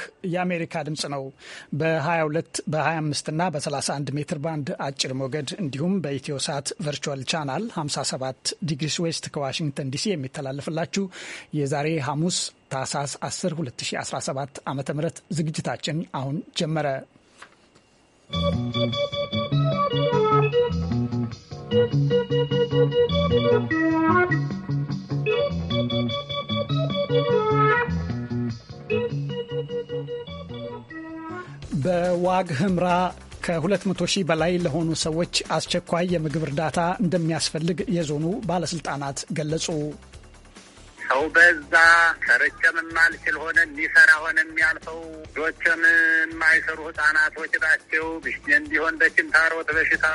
ይህ የአሜሪካ ድምፅ ነው። በ22 በ25 እና በ31 ሜትር ባንድ አጭር ሞገድ እንዲሁም በኢትዮ ሳት ቨርቹዋል ቻናል 57 ዲግሪስ ዌስት ከዋሽንግተን ዲሲ የሚተላለፍላችሁ የዛሬ ሐሙስ ታህሳስ 10 2017 ዓ ም ዝግጅታችን አሁን ጀመረ። ¶¶ በዋግ ህምራ ከ200 ሺህ በላይ ለሆኑ ሰዎች አስቸኳይ የምግብ እርዳታ እንደሚያስፈልግ የዞኑ ባለስልጣናት ገለጹ። ሰው በዛ ሰርቼም የማልችል ሆነ ሊሰራ ሆነ የሚያልፈው ዶችም የማይሰሩ ህጻናቶች ናቸው። ብሽን ቢሆን በችንታሮት በሽታ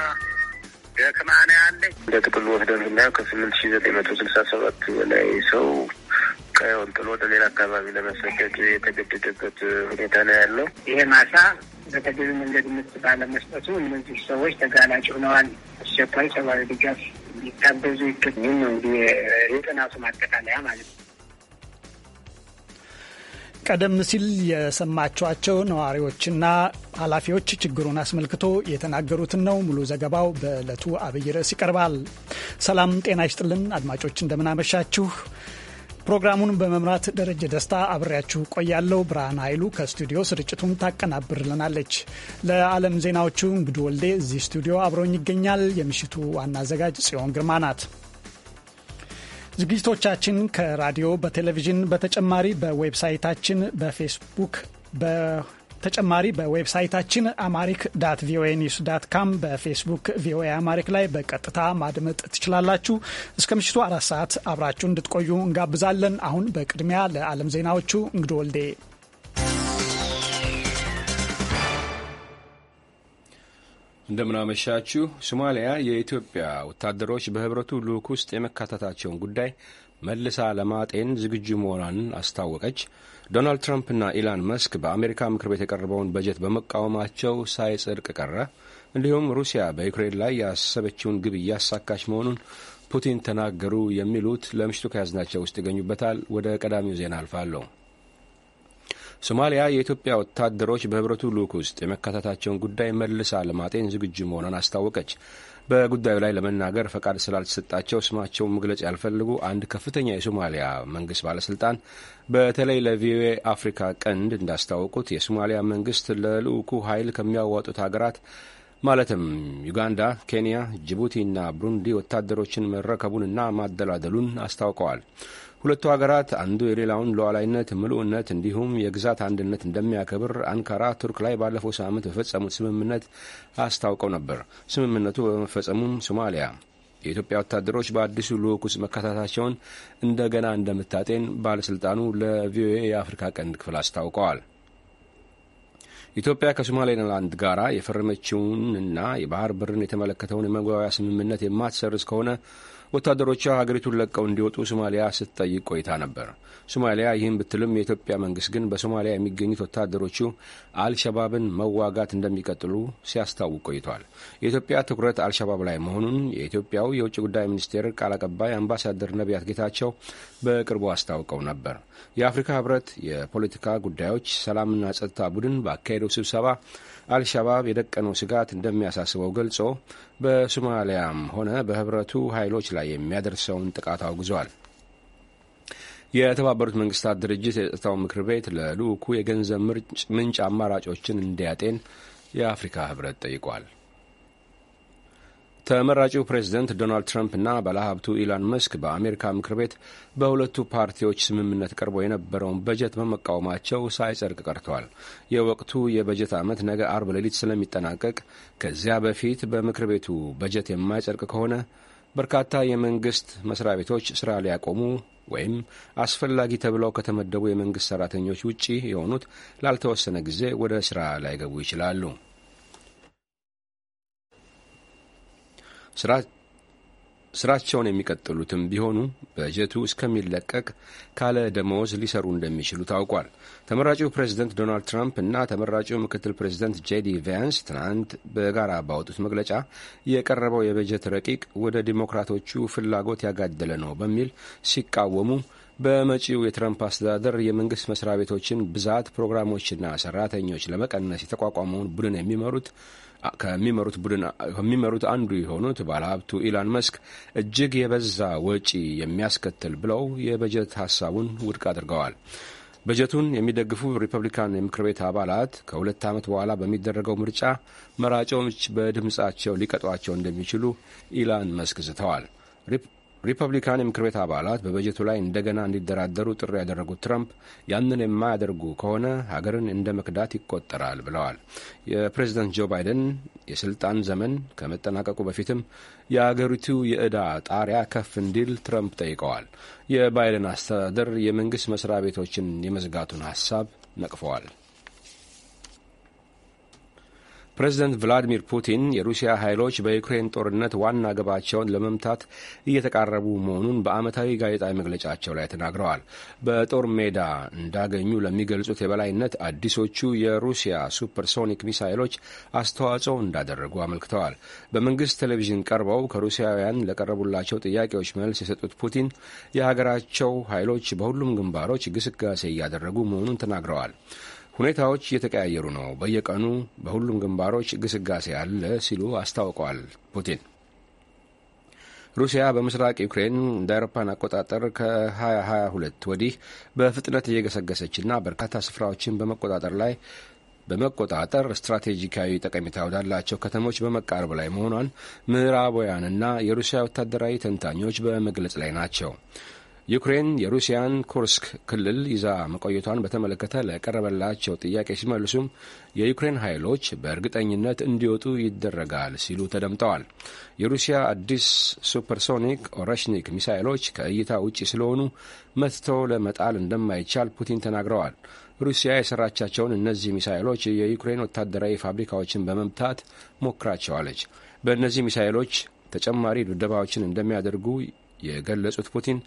ደክማና ያለች እንደ ጥቅል ወስደን ስናየው ከ8967 በላይ ሰው ቀየውን ጥሎ ወደ ሌላ አካባቢ ለመሰደድ የተገደደበት ሁኔታ ነው ያለው። ይሄ ማሳ በተገቢ መንገድ ምት ባለመስጠቱ እነዚህ ሰዎች ተጋላጭ ሆነዋል። አስቸኳይ ሰብአዊ ድጋፍ ሊታበዙ ይገኝ ነው እንግዲህ የጥናቱ ማጠቃለያ ማለት ነው። ቀደም ሲል የሰማችኋቸው ነዋሪዎችና ኃላፊዎች ችግሩን አስመልክቶ የተናገሩትን ነው። ሙሉ ዘገባው በዕለቱ አብይ ርዕስ ይቀርባል። ሰላም ጤና ይስጥልን አድማጮች እንደምናመሻችሁ። ፕሮግራሙን በመምራት ደረጀ ደስታ አብሬያችሁ ቆያለሁ። ብርሃን ኃይሉ ከስቱዲዮ ስርጭቱን ታቀናብርልናለች። ለዓለም ዜናዎቹ እንግዱ ወልዴ እዚህ ስቱዲዮ አብሮኝ ይገኛል። የምሽቱ ዋና አዘጋጅ ጽዮን ግርማ ናት። ዝግጅቶቻችን ከራዲዮ በቴሌቪዥን በተጨማሪ በዌብሳይታችን በፌስቡክ ተጨማሪ በዌብሳይታችን አማሪክ ዳት ቪኦኤ ኒውስ ዳት ካም በፌስቡክ ቪኦኤ አማሪክ ላይ በቀጥታ ማድመጥ ትችላላችሁ። እስከ ምሽቱ አራት ሰዓት አብራችሁ እንድትቆዩ እንጋብዛለን። አሁን በቅድሚያ ለዓለም ዜናዎቹ እንግዶ ወልዴ። እንደምናመሻችሁ። ሶማሊያ የኢትዮጵያ ወታደሮች በህብረቱ ልዑክ ውስጥ የመካተታቸውን ጉዳይ መልሳ ለማጤን ዝግጁ መሆኗን አስታወቀች። ዶናልድ ትራምፕና ኢላን መስክ በአሜሪካ ምክር ቤት የቀረበውን በጀት በመቃወማቸው ሳይጸድቅ ቀረ። እንዲሁም ሩሲያ በዩክሬን ላይ ያሰበችውን ግብ እያሳካች መሆኑን ፑቲን ተናገሩ የሚሉት ለምሽቱ ከያዝናቸው ውስጥ ይገኙበታል። ወደ ቀዳሚው ዜና አልፋለሁ። ሶማሊያ የኢትዮጵያ ወታደሮች በህብረቱ ልዑክ ውስጥ የመካተታቸውን ጉዳይ መልሳ ለማጤን ዝግጁ መሆኗን አስታወቀች። በጉዳዩ ላይ ለመናገር ፈቃድ ስላልተሰጣቸው ስማቸውን መግለጽ ያልፈልጉ አንድ ከፍተኛ የሶማሊያ መንግስት ባለስልጣን በተለይ ለቪኦኤ አፍሪካ ቀንድ እንዳስታወቁት የሶማሊያ መንግስት ለልዑኩ ኃይል ከሚያዋጡት ሀገራት ማለትም ዩጋንዳ፣ ኬንያ፣ ጅቡቲ እና ብሩንዲ ወታደሮችን መረከቡንና ማደላደሉን አስታውቀዋል። ሁለቱ ሀገራት አንዱ የሌላውን ሉዓላዊነት፣ ምሉዕነት እንዲሁም የግዛት አንድነት እንደሚያከብር አንካራ ቱርክ ላይ ባለፈው ሳምንት በፈጸሙት ስምምነት አስታውቀው ነበር። ስምምነቱ በመፈጸሙም ሶማሊያ የኢትዮጵያ ወታደሮች በአዲሱ ልዑክ ውስጥ መካታታቸውን እንደገና እንደምታጤን ባለስልጣኑ ለቪኦኤ የአፍሪካ ቀንድ ክፍል አስታውቀዋል። ኢትዮጵያ ከሶማሌላንድ ጋር የፈረመችውንና የባህር ብርን የተመለከተውን የመግባቢያ ስምምነት የማትሰርዝ ከሆነ ወታደሮቿ ሀገሪቱን ለቀው እንዲወጡ ሶማሊያ ስትጠይቅ ቆይታ ነበር። ሶማሊያ ይህን ብትልም የኢትዮጵያ መንግስት ግን በሶማሊያ የሚገኙት ወታደሮቹ አልሸባብን መዋጋት እንደሚቀጥሉ ሲያስታውቅ ቆይቷል። የኢትዮጵያ ትኩረት አልሸባብ ላይ መሆኑን የኢትዮጵያው የውጭ ጉዳይ ሚኒስቴር ቃል አቀባይ አምባሳደር ነቢያት ጌታቸው በቅርቡ አስታውቀው ነበር። የአፍሪካ ህብረት የፖለቲካ ጉዳዮች ሰላምና ጸጥታ ቡድን ባካሄደው ስብሰባ አልሻባብ የደቀነው ስጋት እንደሚያሳስበው ገልጾ በሶማሊያም ሆነ በህብረቱ ኃይሎች ላይ የሚያደርሰውን ጥቃት አውግዟል። የተባበሩት መንግስታት ድርጅት የጸጥታው ምክር ቤት ለልዑኩ የገንዘብ ምንጭ አማራጮችን እንዲያጤን የአፍሪካ ህብረት ጠይቋል። ተመራጩ ፕሬዝደንት ዶናልድ ትራምፕ እና ባለሀብቱ ኢላን መስክ በአሜሪካ ምክር ቤት በሁለቱ ፓርቲዎች ስምምነት ቀርቦ የነበረውን በጀት በመቃወማቸው ሳይጸድቅ ቀርተዋል። የወቅቱ የበጀት ዓመት ነገ አርብ ሌሊት ስለሚጠናቀቅ ከዚያ በፊት በምክር ቤቱ በጀት የማይጸድቅ ከሆነ በርካታ የመንግስት መስሪያ ቤቶች ስራ ሊያቆሙ ወይም አስፈላጊ ተብለው ከተመደቡ የመንግስት ሰራተኞች ውጪ የሆኑት ላልተወሰነ ጊዜ ወደ ስራ ላይገቡ ይችላሉ። ስራቸውን የሚቀጥሉትም ቢሆኑ በጀቱ እስከሚለቀቅ ካለ ደመወዝ ሊሰሩ እንደሚችሉ ታውቋል። ተመራጩ ፕሬዝደንት ዶናልድ ትራምፕ እና ተመራጩ ምክትል ፕሬዝደንት ጄዲ ቫንስ ትናንት በጋራ ባወጡት መግለጫ የቀረበው የበጀት ረቂቅ ወደ ዲሞክራቶቹ ፍላጎት ያጋደለ ነው በሚል ሲቃወሙ በመጪው የትራምፕ አስተዳደር የመንግስት መስሪያ ቤቶችን ብዛት፣ ፕሮግራሞችና ሰራተኞች ለመቀነስ የተቋቋመውን ቡድን የሚመሩት ከሚመሩት አንዱ የሆኑት ባለሀብቱ ኢላን መስክ እጅግ የበዛ ወጪ የሚያስከትል ብለው የበጀት ሀሳቡን ውድቅ አድርገዋል። በጀቱን የሚደግፉ ሪፐብሊካን የምክር ቤት አባላት ከሁለት ዓመት በኋላ በሚደረገው ምርጫ መራጮች በድምፃቸው ሊቀጧቸው እንደሚችሉ ኢላን መስክ ዝተዋል። ሪፐብሊካን የምክር ቤት አባላት በበጀቱ ላይ እንደገና እንዲደራደሩ ጥሪ ያደረጉት ትራምፕ ያንን የማያደርጉ ከሆነ ሀገርን እንደ መክዳት ይቆጠራል ብለዋል። የፕሬዝደንት ጆ ባይደን የስልጣን ዘመን ከመጠናቀቁ በፊትም የአገሪቱ የዕዳ ጣሪያ ከፍ እንዲል ትራምፕ ጠይቀዋል። የባይደን አስተዳደር የመንግሥት መስሪያ ቤቶችን የመዝጋቱን ሀሳብ ነቅፈዋል። ፕሬዚደንት ቭላዲሚር ፑቲን የሩሲያ ኃይሎች በዩክሬን ጦርነት ዋና ግባቸውን ለመምታት እየተቃረቡ መሆኑን በዓመታዊ ጋዜጣዊ መግለጫቸው ላይ ተናግረዋል። በጦር ሜዳ እንዳገኙ ለሚገልጹት የበላይነት አዲሶቹ የሩሲያ ሱፐርሶኒክ ሚሳይሎች አስተዋጽኦ እንዳደረጉ አመልክተዋል። በመንግስት ቴሌቪዥን ቀርበው ከሩሲያውያን ለቀረቡላቸው ጥያቄዎች መልስ የሰጡት ፑቲን የሀገራቸው ኃይሎች በሁሉም ግንባሮች ግስጋሴ እያደረጉ መሆኑን ተናግረዋል። ሁኔታዎች እየተቀያየሩ ነው፣ በየቀኑ በሁሉም ግንባሮች ግስጋሴ አለ ሲሉ አስታውቀዋል ፑቲን። ሩሲያ በምስራቅ ዩክሬን እንደ አውሮፓን አቆጣጠር ከ2022 ወዲህ በፍጥነት እየገሰገሰችና በርካታ ስፍራዎችን በመቆጣጠር ላይ በመቆጣጠር ስትራቴጂካዊ ጠቀሜታ ወዳላቸው ከተሞች በመቃረብ ላይ መሆኗን ምዕራባውያንና የሩሲያ ወታደራዊ ተንታኞች በመግለጽ ላይ ናቸው። ዩክሬን የሩሲያን ኩርስክ ክልል ይዛ መቆየቷን በተመለከተ ለቀረበላቸው ጥያቄ ሲመልሱም የዩክሬን ኃይሎች በእርግጠኝነት እንዲወጡ ይደረጋል ሲሉ ተደምጠዋል። የሩሲያ አዲስ ሱፐርሶኒክ ኦረሽኒክ ሚሳይሎች ከእይታ ውጪ ስለሆኑ መትተው ለመጣል እንደማይቻል ፑቲን ተናግረዋል። ሩሲያ የሰራቻቸውን እነዚህ ሚሳይሎች የዩክሬን ወታደራዊ ፋብሪካዎችን በመምታት ሞክራቸዋለች። በእነዚህ ሚሳይሎች ተጨማሪ ድብደባዎችን እንደሚያደርጉ የገለጹት ፑቲን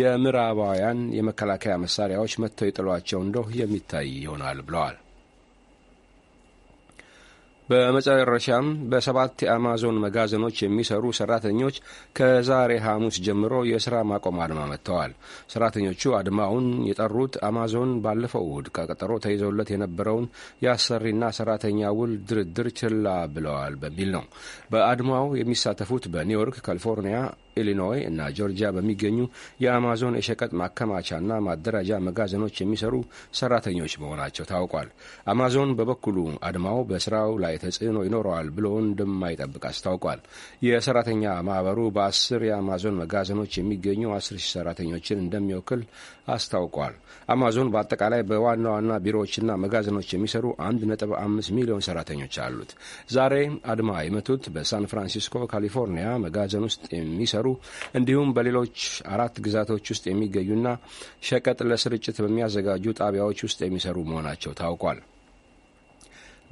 የምዕራባውያን የመከላከያ መሳሪያዎች መጥተው የጥሏቸው እንደው የሚታይ ይሆናል ብለዋል። በመጨረሻም በሰባት የአማዞን መጋዘኖች የሚሰሩ ሰራተኞች ከዛሬ ሐሙስ ጀምሮ የሥራ ማቆም አድማ መጥተዋል። ሰራተኞቹ አድማውን የጠሩት አማዞን ባለፈው እሁድ ከቀጠሮ ተይዘውለት የነበረውን የአሰሪና ሰራተኛ ውል ድርድር ችላ ብለዋል በሚል ነው። በአድማው የሚሳተፉት በኒውዮርክ፣ ካሊፎርኒያ፣ ኢሊኖይ እና ጆርጂያ በሚገኙ የአማዞን የሸቀጥ ማከማቻና ማደራጃ መጋዘኖች የሚሰሩ ሰራተኞች መሆናቸው ታውቋል። አማዞን በበኩሉ አድማው በስራው ላይ ተጽዕኖ ይኖረዋል ብሎ እንደማይጠብቅ አስታውቋል። የሰራተኛ ማህበሩ በአስር የአማዞን መጋዘኖች የሚገኙ አስር ሺህ ሰራተኞችን እንደሚወክል አስታውቋል። አማዞን በአጠቃላይ በዋና ዋና ቢሮዎችና መጋዘኖች የሚሰሩ 1.5 ሚሊዮን ሰራተኞች አሉት። ዛሬ አድማ የመቱት በሳን ፍራንሲስኮ ካሊፎርኒያ መጋዘን ውስጥ የሚሰሩ የሚሰሩ እንዲሁም በሌሎች አራት ግዛቶች ውስጥ የሚገኙና ሸቀጥ ለስርጭት በሚያዘጋጁ ጣቢያዎች ውስጥ የሚሰሩ መሆናቸው ታውቋል።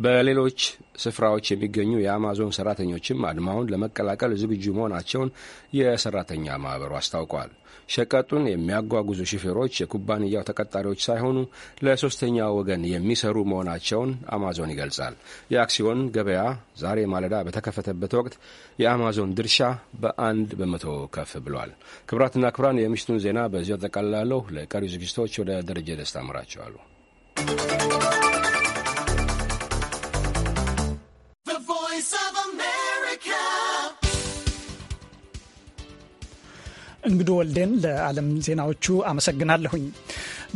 በሌሎች ስፍራዎች የሚገኙ የአማዞን ሰራተኞችም አድማውን ለመቀላቀል ዝግጁ መሆናቸውን የሰራተኛ ማህበሩ አስታውቋል። ሸቀጡን የሚያጓጉዙ ሹፌሮች የኩባንያው ተቀጣሪዎች ሳይሆኑ ለሶስተኛ ወገን የሚሰሩ መሆናቸውን አማዞን ይገልጻል። የአክሲዮን ገበያ ዛሬ ማለዳ በተከፈተበት ወቅት የአማዞን ድርሻ በአንድ በመቶ ከፍ ብሏል። ክብራትና ክብራን የምሽቱን ዜና በዚሁ አጠቃላለሁ። ለቀሪው ዝግጅቶች ወደ ደረጀ ደስታ አምራቸዋሉ። እንግዶ ወልዴን ለዓለም ዜናዎቹ አመሰግናለሁኝ።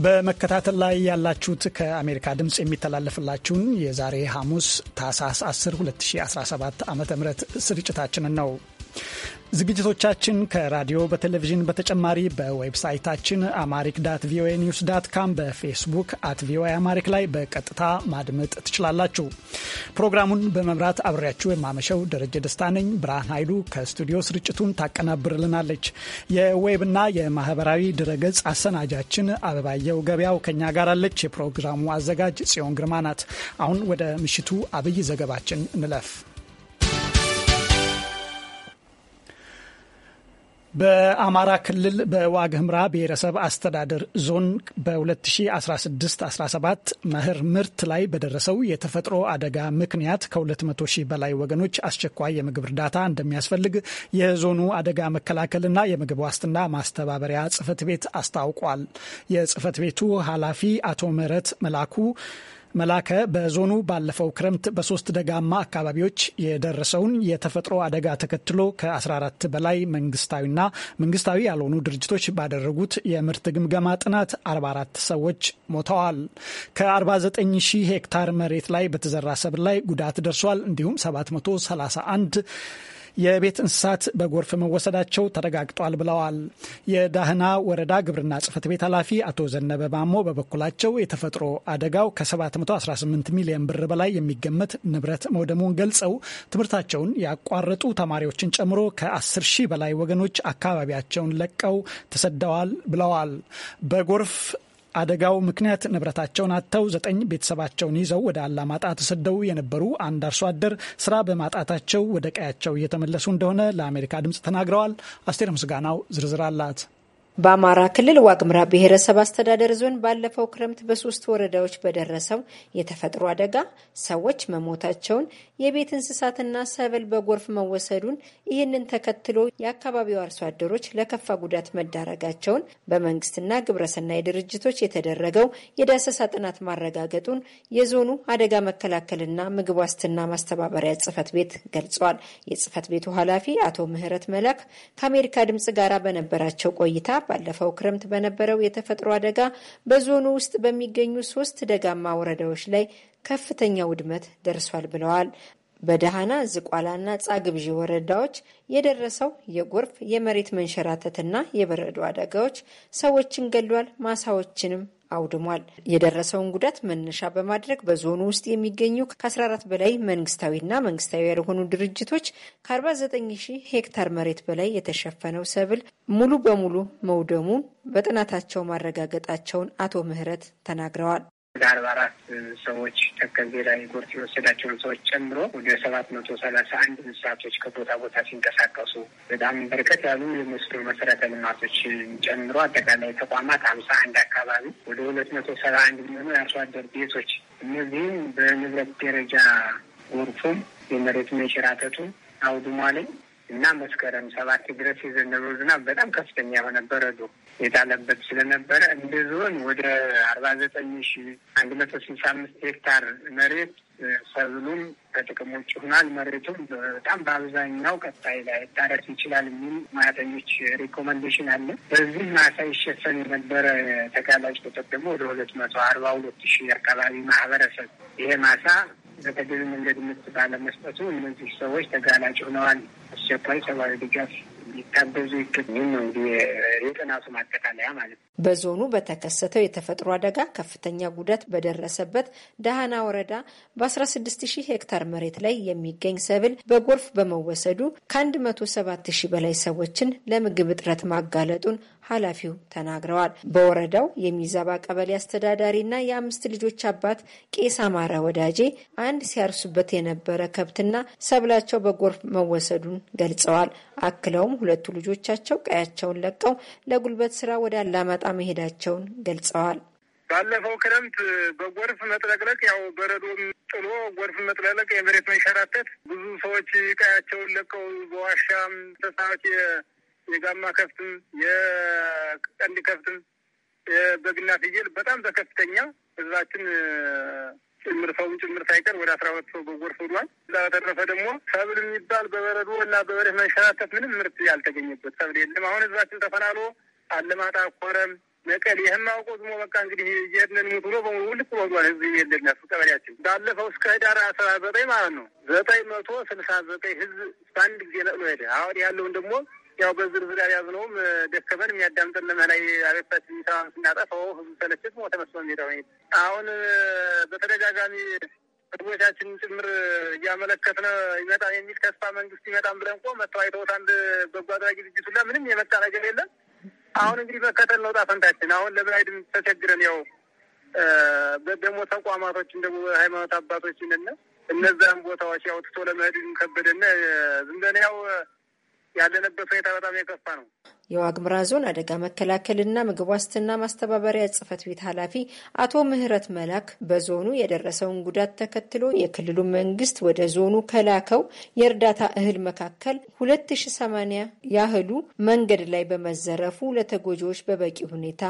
በመከታተል ላይ ያላችሁት ከአሜሪካ ድምፅ የሚተላለፍላችሁን የዛሬ ሐሙስ ታህሳስ 10 2017 ዓ ም ስርጭታችንን ነው። ዝግጅቶቻችን ከራዲዮ በቴሌቪዥን በተጨማሪ በዌብሳይታችን አማሪክ ዳት ቪኦኤ ኒውስ ዳት ካም በፌስቡክ አት ቪኦኤ አማሪክ ላይ በቀጥታ ማድመጥ ትችላላችሁ። ፕሮግራሙን በመምራት አብሬያችሁ የማመሸው ደረጀ ደስታ ነኝ። ብርሃን ኃይሉ ከስቱዲዮ ስርጭቱን ታቀናብርልናለች። የዌብና የማህበራዊ ድረገጽ አሰናጃችን አበባየው ገበያው ከኛ ጋር አለች። የፕሮግራሙ አዘጋጅ ጽዮን ግርማ ናት። አሁን ወደ ምሽቱ አብይ ዘገባችን እንለፍ። በአማራ ክልል በዋግ ህምራ ብሔረሰብ አስተዳደር ዞን በ2016-17 መኸር ምርት ላይ በደረሰው የተፈጥሮ አደጋ ምክንያት ከ200 ሺህ በላይ ወገኖች አስቸኳይ የምግብ እርዳታ እንደሚያስፈልግ የዞኑ አደጋ መከላከልና የምግብ ዋስትና ማስተባበሪያ ጽህፈት ቤት አስታውቋል። የጽህፈት ቤቱ ኃላፊ አቶ ምህረት መላኩ መላከ በዞኑ ባለፈው ክረምት በሶስት ደጋማ አካባቢዎች የደረሰውን የተፈጥሮ አደጋ ተከትሎ ከ14 በላይ መንግስታዊና መንግስታዊ ያልሆኑ ድርጅቶች ባደረጉት የምርት ግምገማ ጥናት 44 ሰዎች ሞተዋል። ከ49 ሺህ ሄክታር መሬት ላይ በተዘራ ሰብል ላይ ጉዳት ደርሷል። እንዲሁም 731 የቤት እንስሳት በጎርፍ መወሰዳቸው ተረጋግጧል ብለዋል። የዳህና ወረዳ ግብርና ጽህፈት ቤት ኃላፊ አቶ ዘነበ ማሞ በበኩላቸው የተፈጥሮ አደጋው ከ718 ሚሊዮን ብር በላይ የሚገመት ንብረት መውደሙን ገልጸው ትምህርታቸውን ያቋረጡ ተማሪዎችን ጨምሮ ከ10 ሺህ በላይ ወገኖች አካባቢያቸውን ለቀው ተሰደዋል ብለዋል። በጎርፍ አደጋው ምክንያት ንብረታቸውን አጥተው ዘጠኝ ቤተሰባቸውን ይዘው ወደ አላማጣ ተሰደው የነበሩ አንድ አርሶ አደር ስራ በማጣታቸው ወደ ቀያቸው እየተመለሱ እንደሆነ ለአሜሪካ ድምፅ ተናግረዋል። አስቴር ምስጋናው ዝርዝር አላት። በአማራ ክልል ዋግምራ ብሔረሰብ አስተዳደር ዞን ባለፈው ክረምት በሶስት ወረዳዎች በደረሰው የተፈጥሮ አደጋ ሰዎች መሞታቸውን፣ የቤት እንስሳትና ሰብል በጎርፍ መወሰዱን፣ ይህንን ተከትሎ የአካባቢው አርሶ አደሮች ለከፋ ጉዳት መዳረጋቸውን በመንግስትና ግብረሰናይ ድርጅቶች የተደረገው የዳሰሳ ጥናት ማረጋገጡን የዞኑ አደጋ መከላከልና ምግብ ዋስትና ማስተባበሪያ ጽህፈት ቤት ገልጿል። የጽህፈት ቤቱ ኃላፊ አቶ ምህረት መላክ ከአሜሪካ ድምጽ ጋር በነበራቸው ቆይታ ባለፈው ክረምት በነበረው የተፈጥሮ አደጋ በዞኑ ውስጥ በሚገኙ ሶስት ደጋማ ወረዳዎች ላይ ከፍተኛ ውድመት ደርሷል ብለዋል። በደሃና ዝቋላና ጻግብዢ ወረዳዎች የደረሰው የጎርፍ የመሬት መንሸራተትና የበረዶ አደጋዎች ሰዎችን ገሏል፣ ማሳዎችንም አውድሟል። የደረሰውን ጉዳት መነሻ በማድረግ በዞኑ ውስጥ የሚገኙ ከ14 በላይ መንግስታዊና መንግስታዊ ያልሆኑ ድርጅቶች ከ 490 ሄክታር መሬት በላይ የተሸፈነው ሰብል ሙሉ በሙሉ መውደሙን በጥናታቸው ማረጋገጣቸውን አቶ ምህረት ተናግረዋል። ወደ አርባ አራት ሰዎች ተከዜ ላይ ጎርፍ የወሰዳቸውን ሰዎች ጨምሮ ወደ ሰባት መቶ ሰላሳ አንድ እንስሳቶች ከቦታ ቦታ ሲንቀሳቀሱ በጣም በርከት ያሉ የመስኖ መሰረተ ልማቶች ጨምሮ አጠቃላይ ተቋማት ሀምሳ አንድ አካባቢ ወደ ሁለት መቶ ሰባ አንድ የሚሆኑ የአርሶ አደር ቤቶች እነዚህም በንብረት ደረጃ ጎርፉም የመሬት መንሸራተቱ አውድሟ እና መስከረም ሰባት ድረስ የዘነበው ዝናብ በጣም ከፍተኛ የሆነ በረዶ የጣለበት ስለነበረ እንደ ዞን ወደ አርባ ዘጠኝ ሺ አንድ መቶ ስልሳ አምስት ሄክታር መሬት ሰብሉም ከጥቅም ውጭ ሆኗል። መሬቱም በጣም በአብዛኛው ቀጣይ ላይ ታረስ ይችላል የሚል ሙያተኞች ሪኮመንዴሽን አለ። በዚህ ማሳ ይሸፈን የነበረ ተጋላጭ ቁጥር ደግሞ ወደ ሁለት መቶ አርባ ሁለት ሺ አካባቢ ማህበረሰብ ይሄ ማሳ በተገቢ መንገድ ምት ባለመስጠቱ እነዚህ ሰዎች ተጋላጭ ሆነዋል። አስቸኳይ ሰብአዊ ድጋፍ ሊታበዙ ይገኙ ነው እንግዲህ የጥናቱ ማጠቃለያ ማለት ነው። በዞኑ በተከሰተው የተፈጥሮ አደጋ ከፍተኛ ጉዳት በደረሰበት ደሃና ወረዳ በ16000 ሄክታር መሬት ላይ የሚገኝ ሰብል በጎርፍ በመወሰዱ ከ107000 በላይ ሰዎችን ለምግብ እጥረት ማጋለጡን ኃላፊው ተናግረዋል። በወረዳው የሚዛባ ቀበሌ አስተዳዳሪና የአምስት ልጆች አባት ቄስ አማረ ወዳጄ አንድ ሲያርሱበት የነበረ ከብትና ሰብላቸው በጎርፍ መወሰዱን ገልጸዋል። አክለውም ሁለቱ ልጆቻቸው ቀያቸውን ለቀው ለጉልበት ስራ ወደ አላማጣ መሄዳቸውን ገልጸዋል። ባለፈው ክረምት በጎርፍ መጥለቅለቅ ያው በረዶም ጥሎ ጎርፍ መጥለቅለቅ፣ የመሬት መንሸራተት ብዙ ሰዎች ቀያቸውን ለቀው በዋሻም ተሳዎች የጋማ ከፍትም፣ የቀንድ ከፍትም በግና ፍየል በጣም በከፍተኛ ህዝባችን ጭምር ሰውም ጭምር ሳይቀር ወደ አስራ ሁለት ሰው በጎርፍ ውሏል። እዛ በተረፈ ደግሞ ሰብል የሚባል በበረዶ እና በበሬት መንሸራተት ምንም ምርት ያልተገኘበት ሰብል የለም። አሁን ህዝባችን ተፈናሎ አለማጣ፣ አኮረም መቀል ይህም አውቆ ዝሞ በቃ እንግዲህ የድነን ሙት በሙሉ ልክ ብሏል። ህዝብ የለና ቀበሌያችን ባለፈው እስከ ህዳር አስራ ዘጠኝ ማለት ነው ዘጠኝ መቶ ስልሳ ዘጠኝ ህዝብ በአንድ ጊዜ ነቅሎ ሄደ። አሁን ያለውን ደግሞ ያው በዝርዝር ያልያዝነውም ደከመን የሚያዳምጠን ለመላይ አቤታችን ሰላም ስናጠፈው ህዝብ ተለችት ሞ ተመስሎ ሄዳ አሁን በተደጋጋሚ ህዝቦቻችን ጭምር እያመለከትነ ይመጣል የሚል ተስፋ መንግስት ይመጣም ብለን ቆ መተዋይተውት አንድ በጎ አድራጊ ድርጅቱ ምንም የመጣ ነገር የለም። አሁን እንግዲህ መከተል ነው ጣፈንታችን። አሁን ለምን ለብራይድ ተቸግረን ያው ደግሞ ተቋማቶችን ደግሞ ሃይማኖት አባቶችን እና እነዛም ቦታዎች ያው ትቶ ለመሄድ ከበደና ዝም ብለን ያው ያለንበት ሁኔታ በጣም የከፋ ነው። የዋግምራ ዞን አደጋ መከላከልና ምግብ ዋስትና ማስተባበሪያ ጽህፈት ቤት ኃላፊ አቶ ምህረት መላክ በዞኑ የደረሰውን ጉዳት ተከትሎ የክልሉ መንግስት ወደ ዞኑ ከላከው የእርዳታ እህል መካከል ሁለት ሺ ያህሉ መንገድ ላይ በመዘረፉ ለተጎጂዎች በበቂ ሁኔታ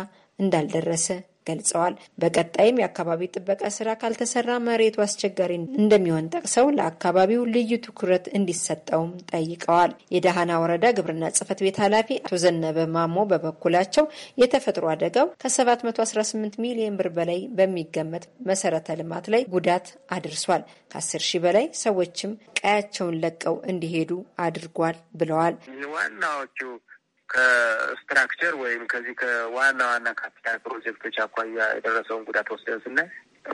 እንዳልደረሰ ገልጸዋል። በቀጣይም የአካባቢ ጥበቃ ስራ ካልተሰራ መሬቱ አስቸጋሪ እንደሚሆን ጠቅሰው ለአካባቢው ልዩ ትኩረት እንዲሰጠውም ጠይቀዋል። የደሃና ወረዳ ግብርና ጽህፈት ቤት ኃላፊ አቶ ዘነበ ማሞ በበኩላቸው የተፈጥሮ አደጋው ከ718 ሚሊዮን ብር በላይ በሚገመት መሰረተ ልማት ላይ ጉዳት አድርሷል። ከ10 ሺህ በላይ ሰዎችም ቀያቸውን ለቀው እንዲሄዱ አድርጓል ብለዋል። ዋናዎቹ ከስትራክቸር ወይም ከዚህ ከዋና ዋና ካፒታል ፕሮጀክቶች አኳያ የደረሰውን ጉዳት ወስደን ስናይ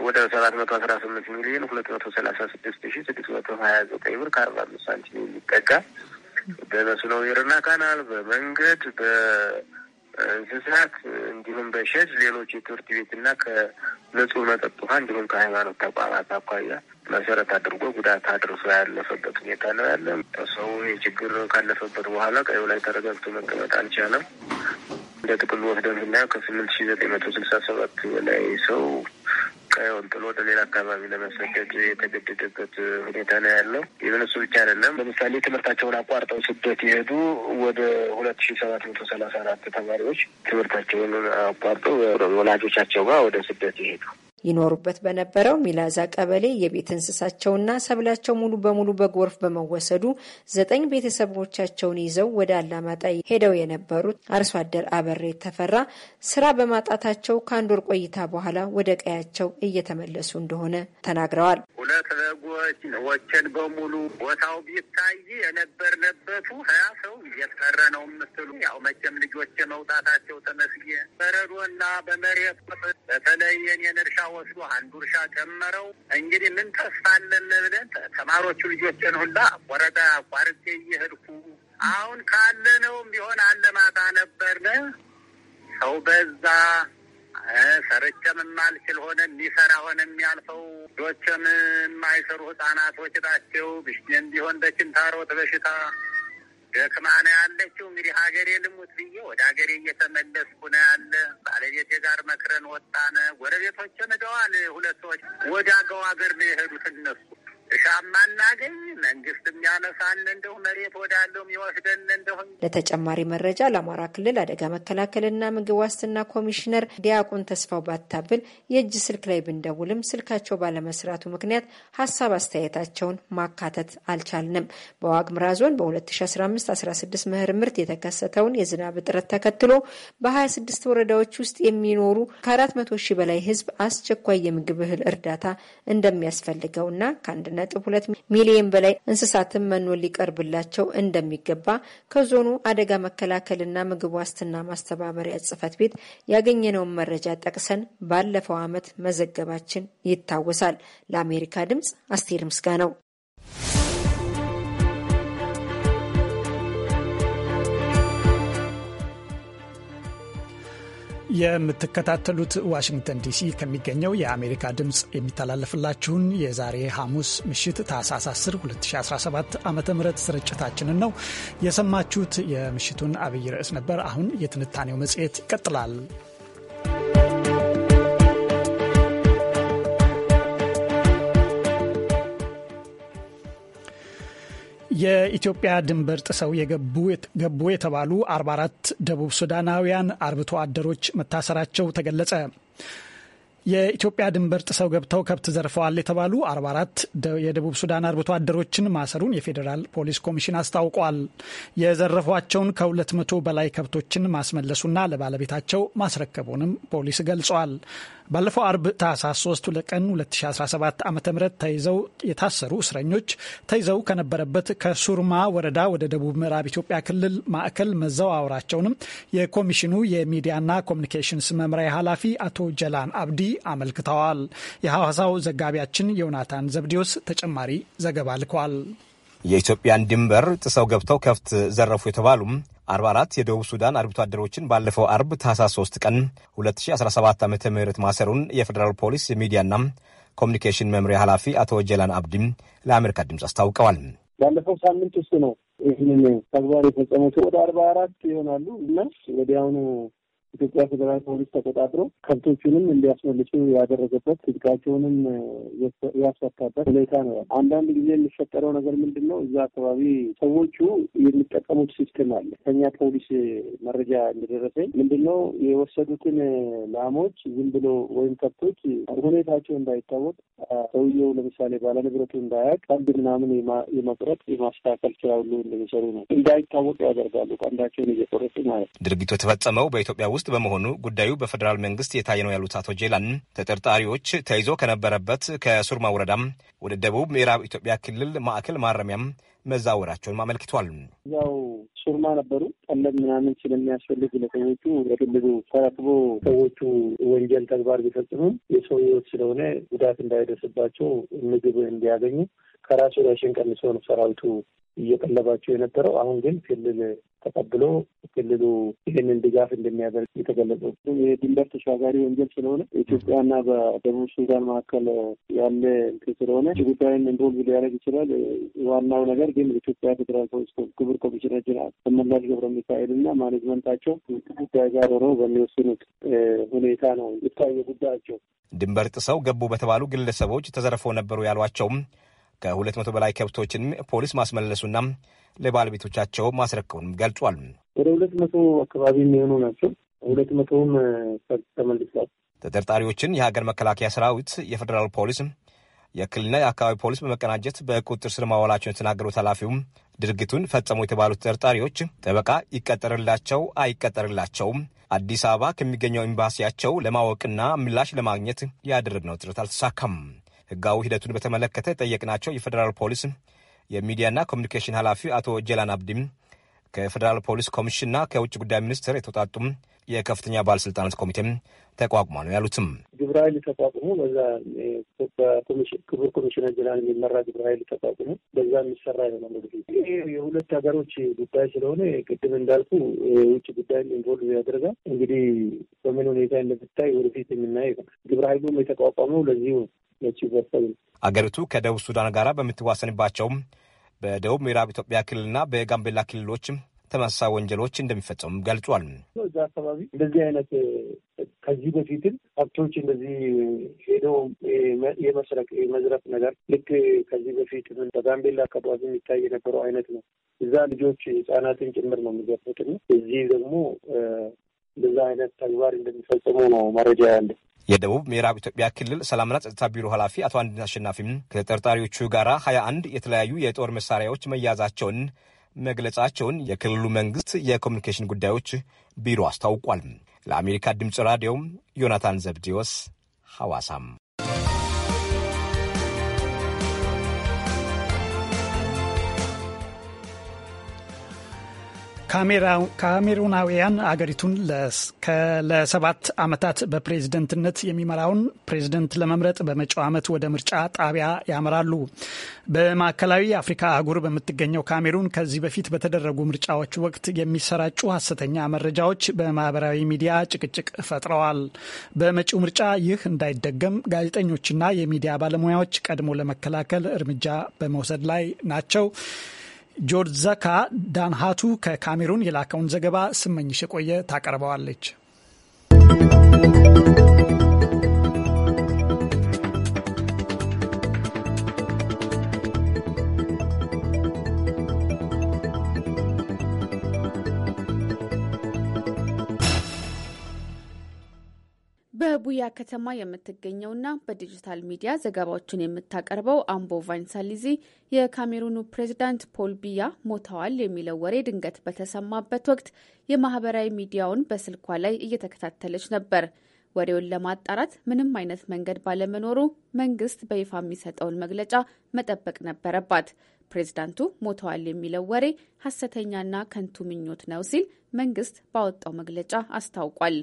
ወደ ሰባት መቶ አስራ ስምንት ሚሊዮን ሁለት መቶ ሰላሳ ስድስት ሺ ስድስት መቶ ሀያ ዘጠኝ ብር ከአርባ አምስት ሳንቲም የሚጠጋ በመስኖ ቤርና ካናል፣ በመንገድ፣ በ እንስሳት እንዲሁም በሸድ ሌሎች የትምህርት ቤትና ከንጹህ መጠጥ ውሃ እንዲሁም ከሃይማኖት ተቋማት አኳያ መሰረት አድርጎ ጉዳት አድርሶ ያለፈበት ሁኔታ ነው ያለ። ሰው የችግር ካለፈበት በኋላ ቀዩ ላይ ተረጋግቶ መቀመጥ አልቻለም። እንደ ጥቅል ወስደን ስናየው ከስምንት ሺ ዘጠኝ መቶ ስልሳ ሰባት በላይ ሰው ቀየውን ጥሎ ወደ ሌላ አካባቢ ለመሰደድ የተገደደበት ሁኔታ ነው ያለው። ይህን እሱ ብቻ አይደለም። ለምሳሌ ትምህርታቸውን አቋርጠው ስደት የሄዱ ወደ ሁለት ሺ ሰባት መቶ ሰላሳ አራት ተማሪዎች ትምህርታቸውን አቋርጠው ወላጆቻቸው ጋር ወደ ስደት ይሄዱ ይኖሩበት በነበረው ሚላዛ ቀበሌ የቤት እንስሳቸውና ሰብላቸው ሙሉ በሙሉ በጎርፍ በመወሰዱ ዘጠኝ ቤተሰቦቻቸውን ይዘው ወደ አላማጣ ሄደው የነበሩት አርሶ አደር አበሬ ተፈራ ስራ በማጣታቸው ከአንድ ወር ቆይታ በኋላ ወደ ቀያቸው እየተመለሱ እንደሆነ ተናግረዋል። ሁለት በጎች ወቸን በሙሉ ቦታው ቢታይ የነበርንበቱ ሀያ ሰው እየተሰራ ነው የምትሉ ያው መቼም ልጆች መውጣታቸው ተመስጌ በረዶና በመሬት በተለይ የኔን እርሻ ወስዶ አንዱ እርሻ ጨመረው። እንግዲህ ምን ተስፋ አለን ብለን ተማሪዎቹ ልጆችን ሁላ ወረዳ አቋርጬ እየሄድኩ አሁን ካለነውም ቢሆን አለማጣ ነበርነ ሰው በዛ ሰርቼም የማልችል ሆነ ሊሰራ ሆነ የሚያልፈው ዶችም የማይሰሩ ህጻናቶች ናቸው። ብሽን ቢሆን በችንታሮት በሽታ ደክማና ያለችው። እንግዲህ ሀገሬ ልሙት ብዬ ወደ ሀገሬ እየተመለስኩ ነው ያለ። ባለቤቴ ጋር መክረን ወጣነ። ጎረቤቶች ነደዋል። ሁለት ሰዎች ወደ አገው ሀገር ነው የሄዱት እነሱ እሻማ ማናገኝ መንግስት የሚያነሳን እንደሁ መሬት ወዳለው የሚወስደን እንደሁ። ለተጨማሪ መረጃ ለአማራ ክልል አደጋ መከላከልና ምግብ ዋስትና ኮሚሽነር ዲያቆን ተስፋው ባታብል የእጅ ስልክ ላይ ብንደውልም ስልካቸው ባለመስራቱ ምክንያት ሀሳብ አስተያየታቸውን ማካተት አልቻልንም። በዋግምራ ዞን በ2015/16 ምህር ምርት የተከሰተውን የዝናብ እጥረት ተከትሎ በ26 ወረዳዎች ውስጥ የሚኖሩ ከ400 ሺህ በላይ ህዝብ አስቸኳይ የምግብ እህል እርዳታ እንደሚያስፈልገውና ከአንድ ነጥብ ሁለት ሚሊዮን በላይ እንስሳትን መኖ ሊቀርብላቸው እንደሚገባ ከዞኑ አደጋ መከላከልና ምግብ ዋስትና ማስተባበሪያ ጽፈት ቤት ያገኘነውን መረጃ ጠቅሰን ባለፈው ዓመት መዘገባችን ይታወሳል። ለአሜሪካ ድምጽ አስቴር ምስጋ ነው። የምትከታተሉት ዋሽንግተን ዲሲ ከሚገኘው የአሜሪካ ድምፅ የሚተላለፍላችሁን የዛሬ ሐሙስ ምሽት ታህሳስ 10 2017 ዓ ም ስርጭታችንን ነው የሰማችሁት። የምሽቱን አብይ ርዕስ ነበር። አሁን የትንታኔው መጽሔት ይቀጥላል። የኢትዮጵያ ድንበር ጥሰው ገቡ የተባሉ 44 ደቡብ ሱዳናውያን አርብቶ አደሮች መታሰራቸው ተገለጸ። የኢትዮጵያ ድንበር ጥሰው ገብተው ከብት ዘርፈዋል የተባሉ 44 የደቡብ ሱዳን አርብቶ አደሮችን ማሰሩን የፌዴራል ፖሊስ ኮሚሽን አስታውቋል። የዘረፏቸውን ከሁለት መቶ በላይ ከብቶችን ማስመለሱና ለባለቤታቸው ማስረከቡንም ፖሊስ ገልጿል። ባለፈው አርብ ታህሳስ 3 ለቀን 2017 ዓ ም ተይዘው የታሰሩ እስረኞች ተይዘው ከነበረበት ከሱርማ ወረዳ ወደ ደቡብ ምዕራብ ኢትዮጵያ ክልል ማዕከል መዘዋወራቸውንም የኮሚሽኑ የሚዲያና ኮሚኒኬሽንስ መምሪያ ኃላፊ አቶ ጀላን አብዲ አመልክተዋል። የሐዋሳው ዘጋቢያችን ዮናታን ዘብዲዮስ ተጨማሪ ዘገባ ልከዋል። የኢትዮጵያን ድንበር ጥሰው ገብተው ከብት ዘረፉ የተባሉም 44 የደቡብ ሱዳን አርብቶ አደሮችን ባለፈው አርብ ታህሳስ 3 ቀን 2017 ዓ ም ማሰሩን የፌዴራል ፖሊስ የሚዲያና ኮሚኒኬሽን መምሪያ ኃላፊ አቶ ጀላን አብዲም ለአሜሪካ ድምፅ አስታውቀዋል። ባለፈው ሳምንት ውስጥ ነው ይህንን ተግባር የፈጸሙት ወደ አርባ አራት ይሆናሉ እና ወዲያውኑ ኢትዮጵያ ፌዴራል ፖሊስ ተቆጣጥሮ ከብቶቹንም እንዲያስመልሱ ያደረገበት ህዝጋቸውንም ያስፈታበት ሁኔታ ነው። አንዳንድ ጊዜ የሚፈጠረው ነገር ምንድን ነው? እዛ አካባቢ ሰዎቹ የሚጠቀሙት ሲስተም አለ። ከኛ ፖሊስ መረጃ እንደደረሰኝ ምንድን ነው የወሰዱትን ላሞች ዝም ብሎ ወይም ከብቶች ሁኔታቸው እንዳይታወቅ ሰውየው ለምሳሌ ባለንብረቱ እንዳያቅ ቀንድ ምናምን የመቁረጥ የማስተካከል ስራ ሁሉ እንደሚሰሩ ነው። እንዳይታወቅ ያደርጋሉ። ቀንዳቸውን እየቆረጡ ማለት ነው። ድርጊቱ የተፈጸመው በኢትዮጵያ ውስጥ ውስጥ በመሆኑ ጉዳዩ በፌዴራል መንግስት የታየ ነው ያሉት አቶ ጄላን ተጠርጣሪዎች ተይዞ ከነበረበት ከሱርማ ወረዳም ወደ ደቡብ ምዕራብ ኢትዮጵያ ክልል ማዕከል ማረሚያም መዛወራቸውን አመልክቷል። ያው ሱርማ ነበሩ ቀለብ ምናምን ስለሚያስፈልግ ለሰዎቹ በክልሉ ተረክቦ ሰዎቹ ወንጀል ተግባር ቢፈጽሙም የሰው ስለሆነ ጉዳት እንዳይደርስባቸው ምግብ እንዲያገኙ ከራሱ ራሽን ቀንሶ ነው ሰራዊቱ እየቀለባቸው የነበረው። አሁን ግን ክልል ተቀብሎ ክልሉ ይህንን ድጋፍ እንደሚያደርግ የተገለጸው የድንበር ተሻጋሪ ወንጀል ስለሆነ ኢትዮጵያና በደቡብ ሱዳን መካከል ያለ እንትን ስለሆነ ጉዳይን ኢንቮልቭ ሊያደርግ ይችላል። ዋናው ነገር ግን ኢትዮጵያ ፌዴራል ፖሊስ ክቡር ኮሚሽን ጀነራል ተመላሽ ገብረ ሚካኤል እና ማኔጅመንታቸው ጉዳይ ጋር ሆነው በሚወስኑት ሁኔታ ነው ይታየ ጉዳያቸው ድንበር ጥሰው ገቡ በተባሉ ግለሰቦች ተዘርፈው ነበሩ ያሏቸውም ከሁለት መቶ በላይ ከብቶችን ፖሊስ ማስመለሱና ለባለቤቶቻቸው ማስረከቡንም ገልጿል። ወደ ሁለት መቶ አካባቢ የሚሆኑ ናቸው። ሁለት መቶውም ተመልሷል። ተጠርጣሪዎችን የሀገር መከላከያ ሰራዊት፣ የፌዴራል ፖሊስ፣ የክልልና የአካባቢ ፖሊስ በመቀናጀት በቁጥጥር ስር ማዋላቸውን የተናገሩት ኃላፊውም ድርጊቱን ፈጸሙ የተባሉት ተጠርጣሪዎች ጠበቃ ይቀጠርላቸው አይቀጠርላቸውም አዲስ አበባ ከሚገኘው ኤምባሲያቸው ለማወቅና ምላሽ ለማግኘት ያደረግነው ጥረት አልተሳካም። ህጋዊ ሂደቱን በተመለከተ ጠየቅናቸው። የፌዴራል ፖሊስ የሚዲያና ኮሚኒኬሽን ኃላፊ አቶ ጀላን አብዲም ከፌዴራል ፖሊስ ኮሚሽንና ከውጭ ጉዳይ ሚኒስትር የተውጣጡም የከፍተኛ ባለስልጣናት ኮሚቴም ተቋቁሟ ነው ያሉትም ግብረ ኃይል ተቋቁሞ በዛ ክቡር ኮሚሽነር ጀነራል የሚመራ ግብረ ኃይል ተቋቁሞ በዛ የሚሰራ ይሆናል። እንግዲህ የሁለት ሀገሮች ጉዳይ ስለሆነ ቅድም እንዳልኩ የውጭ ጉዳይ ኢንቮልቭ ያደርጋል። እንግዲህ በምን ሁኔታ እንደምታይ ወደፊት የምናየው ግብረ ኃይሉም የተቋቋመው ለዚሁ ነው። አገሪቱ ከደቡብ ሱዳን ጋር በምትዋሰንባቸውም በደቡብ ምዕራብ ኢትዮጵያ ክልልና በጋምቤላ ክልሎች ተመሳሳይ ወንጀሎች እንደሚፈጸሙ ገልጿል። እዛ አካባቢ እንደዚህ አይነት ከዚህ በፊትም ሀብቶች እንደዚህ ሄደው የመስረቅ የመዝረፍ ነገር ልክ ከዚህ በፊት በጋምቤላ አካባቢ የሚታይ የነበረው አይነት ነው። እዛ ልጆች ህጻናትን ጭምር ነው የሚዘርፉት። እዚህ ደግሞ እንደዛ አይነት ተግባር እንደሚፈጽሙ ነው መረጃ ያለ የደቡብ ምዕራብ ኢትዮጵያ ክልል ሰላምና ጸጥታ ቢሮ ኃላፊ አቶ አንድነት አሸናፊም ከተጠርጣሪዎቹ ጋራ 21 የተለያዩ የጦር መሳሪያዎች መያዛቸውን መግለጻቸውን የክልሉ መንግስት የኮሚኒኬሽን ጉዳዮች ቢሮ አስታውቋል። ለአሜሪካ ድምፅ ራዲዮ ዮናታን ዘብዲዮስ ሐዋሳም ካሜሩናውያን አገሪቱን ለሰባት ዓመታት በፕሬዝደንትነት የሚመራውን ፕሬዝደንት ለመምረጥ በመጪው ዓመት ወደ ምርጫ ጣቢያ ያመራሉ። በማዕከላዊ አፍሪካ አህጉር በምትገኘው ካሜሩን ከዚህ በፊት በተደረጉ ምርጫዎች ወቅት የሚሰራጩ ሀሰተኛ መረጃዎች በማህበራዊ ሚዲያ ጭቅጭቅ ፈጥረዋል። በመጪው ምርጫ ይህ እንዳይደገም ጋዜጠኞችና የሚዲያ ባለሙያዎች ቀድሞ ለመከላከል እርምጃ በመውሰድ ላይ ናቸው። ጆርጅ ዘካ ዳንሃቱ ከካሜሩን የላከውን ዘገባ ስመኝሽ የቆየ ታቀርበዋለች። በቡያ ከተማ የምትገኘውና በዲጂታል ሚዲያ ዘገባዎችን የምታቀርበው አምቦ ቫንሳሊዚ የካሜሩኑ ፕሬዚዳንት ፖል ቢያ ሞተዋል የሚለው ወሬ ድንገት በተሰማበት ወቅት የማህበራዊ ሚዲያውን በስልኳ ላይ እየተከታተለች ነበር። ወሬውን ለማጣራት ምንም አይነት መንገድ ባለመኖሩ መንግስት በይፋ የሚሰጠውን መግለጫ መጠበቅ ነበረባት። ፕሬዝዳንቱ ሞተዋል የሚለው ወሬ ሀሰተኛና ከንቱ ምኞት ነው ሲል መንግስት ባወጣው መግለጫ አስታውቋል።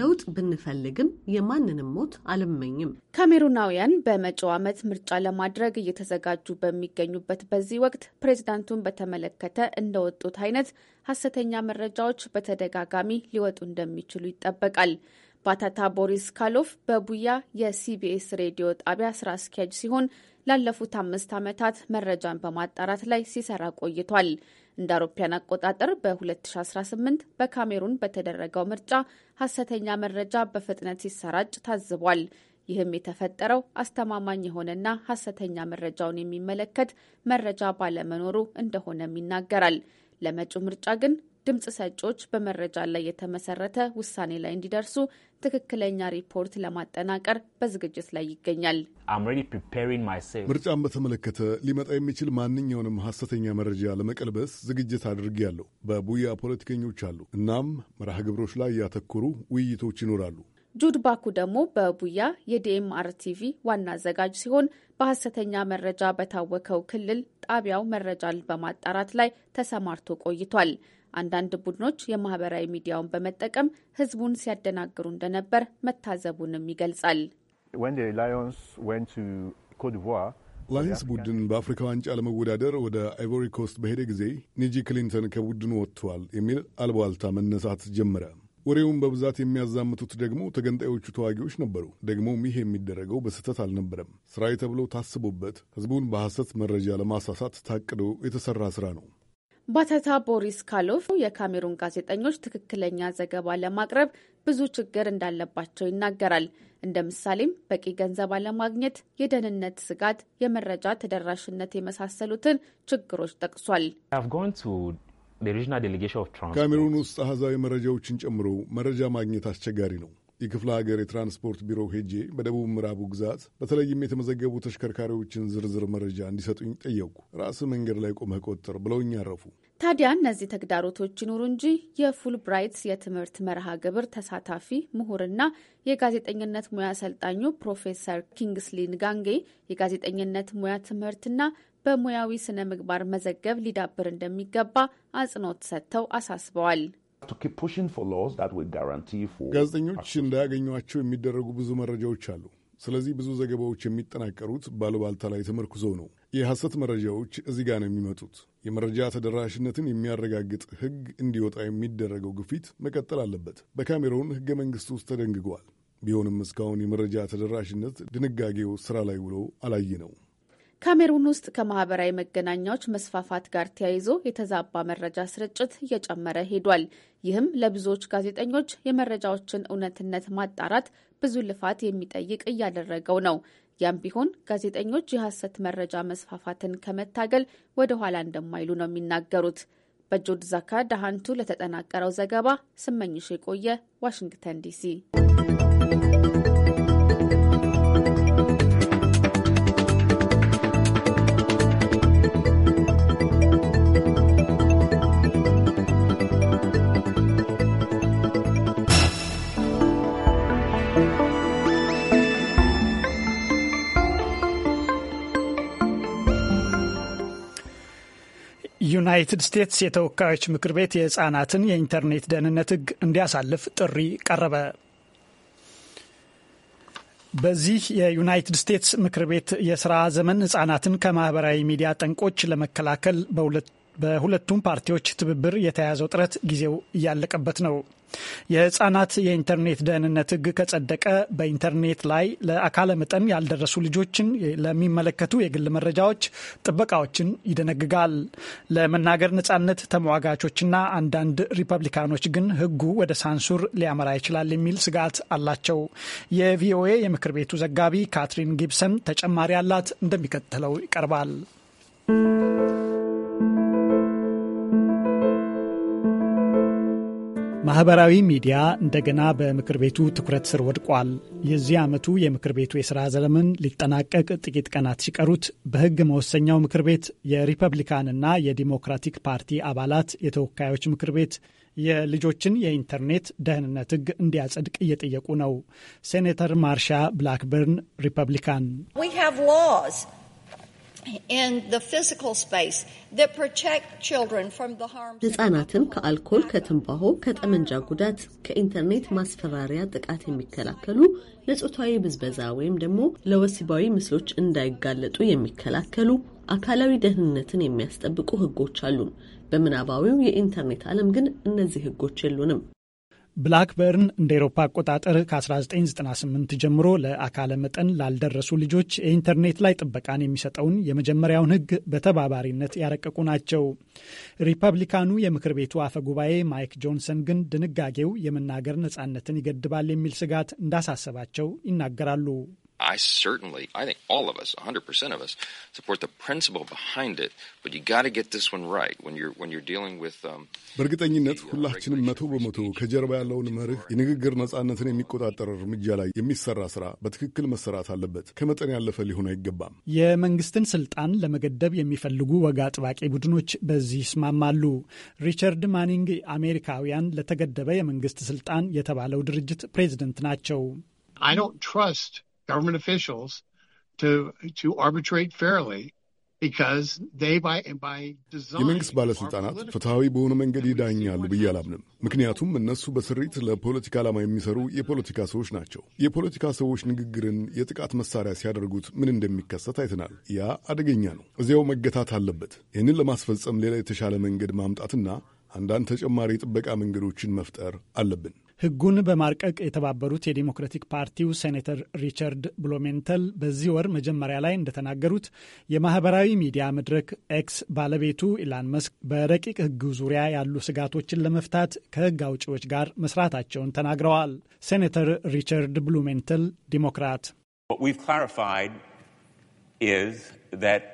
ለውጥ ብንፈልግም የማንንም ሞት አልመኝም። ካሜሩናውያን በመጪው ዓመት ምርጫ ለማድረግ እየተዘጋጁ በሚገኙበት በዚህ ወቅት ፕሬዝዳንቱን በተመለከተ እንደወጡት አይነት ሀሰተኛ መረጃዎች በተደጋጋሚ ሊወጡ እንደሚችሉ ይጠበቃል። ባታታ ቦሪስ ካሎፍ በቡያ የሲቢኤስ ሬዲዮ ጣቢያ ስራ አስኪያጅ ሲሆን ላለፉት አምስት ዓመታት መረጃን በማጣራት ላይ ሲሰራ ቆይቷል። እንደ አውሮፓያን አቆጣጠር በ2018 በካሜሩን በተደረገው ምርጫ ሀሰተኛ መረጃ በፍጥነት ሲሰራጭ ታዝቧል። ይህም የተፈጠረው አስተማማኝ የሆነና ሀሰተኛ መረጃውን የሚመለከት መረጃ ባለመኖሩ እንደሆነም ይናገራል። ለመጪው ምርጫ ግን ድምፅ ሰጮች በመረጃ ላይ የተመሰረተ ውሳኔ ላይ እንዲደርሱ ትክክለኛ ሪፖርት ለማጠናቀር በዝግጅት ላይ ይገኛል። ምርጫን በተመለከተ ሊመጣ የሚችል ማንኛውንም ሐሰተኛ መረጃ ለመቀልበስ ዝግጅት አድርጌያለሁ። በቡያ ፖለቲከኞች አሉ። እናም መርሃ ግብሮች ላይ ያተኮሩ ውይይቶች ይኖራሉ። ጁድ ባኩ ደግሞ በቡያ የዲኤምአር ቲቪ ዋና አዘጋጅ ሲሆን በሐሰተኛ መረጃ በታወከው ክልል ጣቢያው መረጃን በማጣራት ላይ ተሰማርቶ ቆይቷል። አንዳንድ ቡድኖች የማህበራዊ ሚዲያውን በመጠቀም ህዝቡን ሲያደናግሩ እንደነበር መታዘቡንም ይገልጻል። ላይንስ ቡድን በአፍሪካ ዋንጫ ለመወዳደር ወደ አይቮሪ ኮስት በሄደ ጊዜ ኒጂ ክሊንተን ከቡድኑ ወጥተዋል የሚል አልቧልታ መነሳት ጀመረ። ወሬውን በብዛት የሚያዛምቱት ደግሞ ተገንጣዮቹ ተዋጊዎች ነበሩ። ደግሞም ይህ የሚደረገው በስህተት አልነበረም። ስራዬ ተብሎ ታስቦበት ህዝቡን በሐሰት መረጃ ለማሳሳት ታቅዶ የተሰራ ስራ ነው። ባተታ ቦሪስ ካሎፍ የካሜሩን ጋዜጠኞች ትክክለኛ ዘገባ ለማቅረብ ብዙ ችግር እንዳለባቸው ይናገራል። እንደ ምሳሌም በቂ ገንዘብ አለማግኘት፣ የደህንነት ስጋት፣ የመረጃ ተደራሽነት የመሳሰሉትን ችግሮች ጠቅሷል። ካሜሩን ውስጥ አህዛዊ መረጃዎችን ጨምሮ መረጃ ማግኘት አስቸጋሪ ነው። የክፍለ ሀገር የትራንስፖርት ቢሮ ሄጄ በደቡብ ምዕራቡ ግዛት በተለይም የተመዘገቡ ተሽከርካሪዎችን ዝርዝር መረጃ እንዲሰጡኝ ጠየቁ። ራስ መንገድ ላይ ቆመህ ቆጥር ብለውኝ አረፉ። ታዲያ እነዚህ ተግዳሮቶች ይኑሩ እንጂ የፉል ብራይትስ የትምህርት መርሃ ግብር ተሳታፊ ምሁርና የጋዜጠኝነት ሙያ አሰልጣኙ ፕሮፌሰር ኪንግስሊ ንጋንጌ የጋዜጠኝነት ሙያ ትምህርትና በሙያዊ ስነ ምግባር መዘገብ ሊዳብር እንደሚገባ አጽንኦት ሰጥተው አሳስበዋል። ጋዜጠኞች እንዳያገኟቸው የሚደረጉ ብዙ መረጃዎች አሉ። ስለዚህ ብዙ ዘገባዎች የሚጠናቀሩት ባሉባልታ ላይ ተመርኩዞ ነው። የሐሰት መረጃዎች እዚህ ጋር ነው የሚመጡት። የመረጃ ተደራሽነትን የሚያረጋግጥ ሕግ እንዲወጣ የሚደረገው ግፊት መቀጠል አለበት። በካሜሮን ሕገ መንግሥት ውስጥ ተደንግጓል። ቢሆንም እስካሁን የመረጃ ተደራሽነት ድንጋጌው ስራ ላይ ውሎ አላየ ነው። ካሜሩን ውስጥ ከማህበራዊ መገናኛዎች መስፋፋት ጋር ተያይዞ የተዛባ መረጃ ስርጭት እየጨመረ ሄዷል። ይህም ለብዙዎች ጋዜጠኞች የመረጃዎችን እውነትነት ማጣራት ብዙ ልፋት የሚጠይቅ እያደረገው ነው። ያም ቢሆን ጋዜጠኞች የሐሰት መረጃ መስፋፋትን ከመታገል ወደ ኋላ እንደማይሉ ነው የሚናገሩት። በጆድዛካ ዳሃንቱ ለተጠናቀረው ዘገባ ስመኝሽ የቆየ ዋሽንግተን ዲሲ። የዩናይትድ ስቴትስ የተወካዮች ምክር ቤት የህፃናትን የኢንተርኔት ደህንነት ህግ እንዲያሳልፍ ጥሪ ቀረበ። በዚህ የዩናይትድ ስቴትስ ምክር ቤት የስራ ዘመን ህጻናትን ከማህበራዊ ሚዲያ ጠንቆች ለመከላከል በሁለት በሁለቱም ፓርቲዎች ትብብር የተያዘው ጥረት ጊዜው እያለቀበት ነው። የህጻናት የኢንተርኔት ደህንነት ህግ ከጸደቀ በኢንተርኔት ላይ ለአካለ መጠን ያልደረሱ ልጆችን ለሚመለከቱ የግል መረጃዎች ጥበቃዎችን ይደነግጋል። ለመናገር ነጻነት ተሟጋቾችና አንዳንድ ሪፐብሊካኖች ግን ህጉ ወደ ሳንሱር ሊያመራ ይችላል የሚል ስጋት አላቸው። የቪኦኤ የምክር ቤቱ ዘጋቢ ካትሪን ጊብሰን ተጨማሪ አላት፣ እንደሚከተለው ይቀርባል። ማህበራዊ ሚዲያ እንደገና በምክር ቤቱ ትኩረት ስር ወድቋል። የዚህ ዓመቱ የምክር ቤቱ የሥራ ዘመን ሊጠናቀቅ ጥቂት ቀናት ሲቀሩት በሕግ መወሰኛው ምክር ቤት የሪፐብሊካንና የዲሞክራቲክ ፓርቲ አባላት የተወካዮች ምክር ቤት የልጆችን የኢንተርኔት ደህንነት ሕግ እንዲያጸድቅ እየጠየቁ ነው። ሴኔተር ማርሻ ብላክበርን ሪፐብሊካን ህጻናትን ከአልኮል፣ ከትንባሆ፣ ከጠመንጃ ጉዳት፣ ከኢንተርኔት ማስፈራሪያ ጥቃት የሚከላከሉ ለጾታዊ ብዝበዛ ወይም ደግሞ ለወሲባዊ ምስሎች እንዳይጋለጡ የሚከላከሉ አካላዊ ደህንነትን የሚያስጠብቁ ህጎች አሉን። በምናባዊው የኢንተርኔት ዓለም ግን እነዚህ ህጎች የሉንም። ብላክበርን እንደ ኤሮፓ አቆጣጠር ከ1998 ጀምሮ ለአካለ መጠን ላልደረሱ ልጆች የኢንተርኔት ላይ ጥበቃን የሚሰጠውን የመጀመሪያውን ሕግ በተባባሪነት ያረቀቁ ናቸው። ሪፐብሊካኑ የምክር ቤቱ አፈ ጉባኤ ማይክ ጆንሰን ግን ድንጋጌው የመናገር ነጻነትን ይገድባል የሚል ስጋት እንዳሳሰባቸው ይናገራሉ። I certainly, I think all of us, 100% of us, support the principle behind it, but you got to get this one right when you're, when you're dealing with. Um, በእርግጠኝነት uh, ሁላችንም መቶ በመቶ ከጀርባ ያለውን መርህ የንግግር ነጻነትን የሚቆጣጠር እርምጃ ላይ የሚሰራ ስራ በትክክል መሰራት አለበት። ከመጠን ያለፈ ሊሆን አይገባም። የመንግስትን ስልጣን ለመገደብ የሚፈልጉ ወግ አጥባቂ ቡድኖች በዚህ ይስማማሉ። ሪቻርድ ማኒንግ አሜሪካውያን ለተገደበ የመንግስት ስልጣን የተባለው ድርጅት ፕሬዚደንት ናቸው። I don't trust government officials to to arbitrate fairly because they by by design የመንግሥት ባለሥልጣናት ፍትሐዊ በሆነ መንገድ ይዳኛሉ ብዬ አላምንም። ምክንያቱም እነሱ በስሪት ለፖለቲካ ዓላማ የሚሰሩ የፖለቲካ ሰዎች ናቸው። የፖለቲካ ሰዎች ንግግርን የጥቃት መሳሪያ ሲያደርጉት ምን እንደሚከሰት አይተናል። ያ አደገኛ ነው። እዚያው መገታት አለበት። ይህንን ለማስፈጸም ሌላ የተሻለ መንገድ ማምጣትና አንዳንድ ተጨማሪ ጥበቃ መንገዶችን መፍጠር አለብን። ህጉን በማርቀቅ የተባበሩት የዲሞክራቲክ ፓርቲው ሴኔተር ሪቻርድ ብሎሜንተል በዚህ ወር መጀመሪያ ላይ እንደተናገሩት የማህበራዊ ሚዲያ መድረክ ኤክስ ባለቤቱ ኢላን መስክ በረቂቅ ህግ ዙሪያ ያሉ ስጋቶችን ለመፍታት ከህግ አውጪዎች ጋር መስራታቸውን ተናግረዋል። ሴኔተር ሪቻርድ ብሉሜንተል ዲሞክራት What we've clarified is that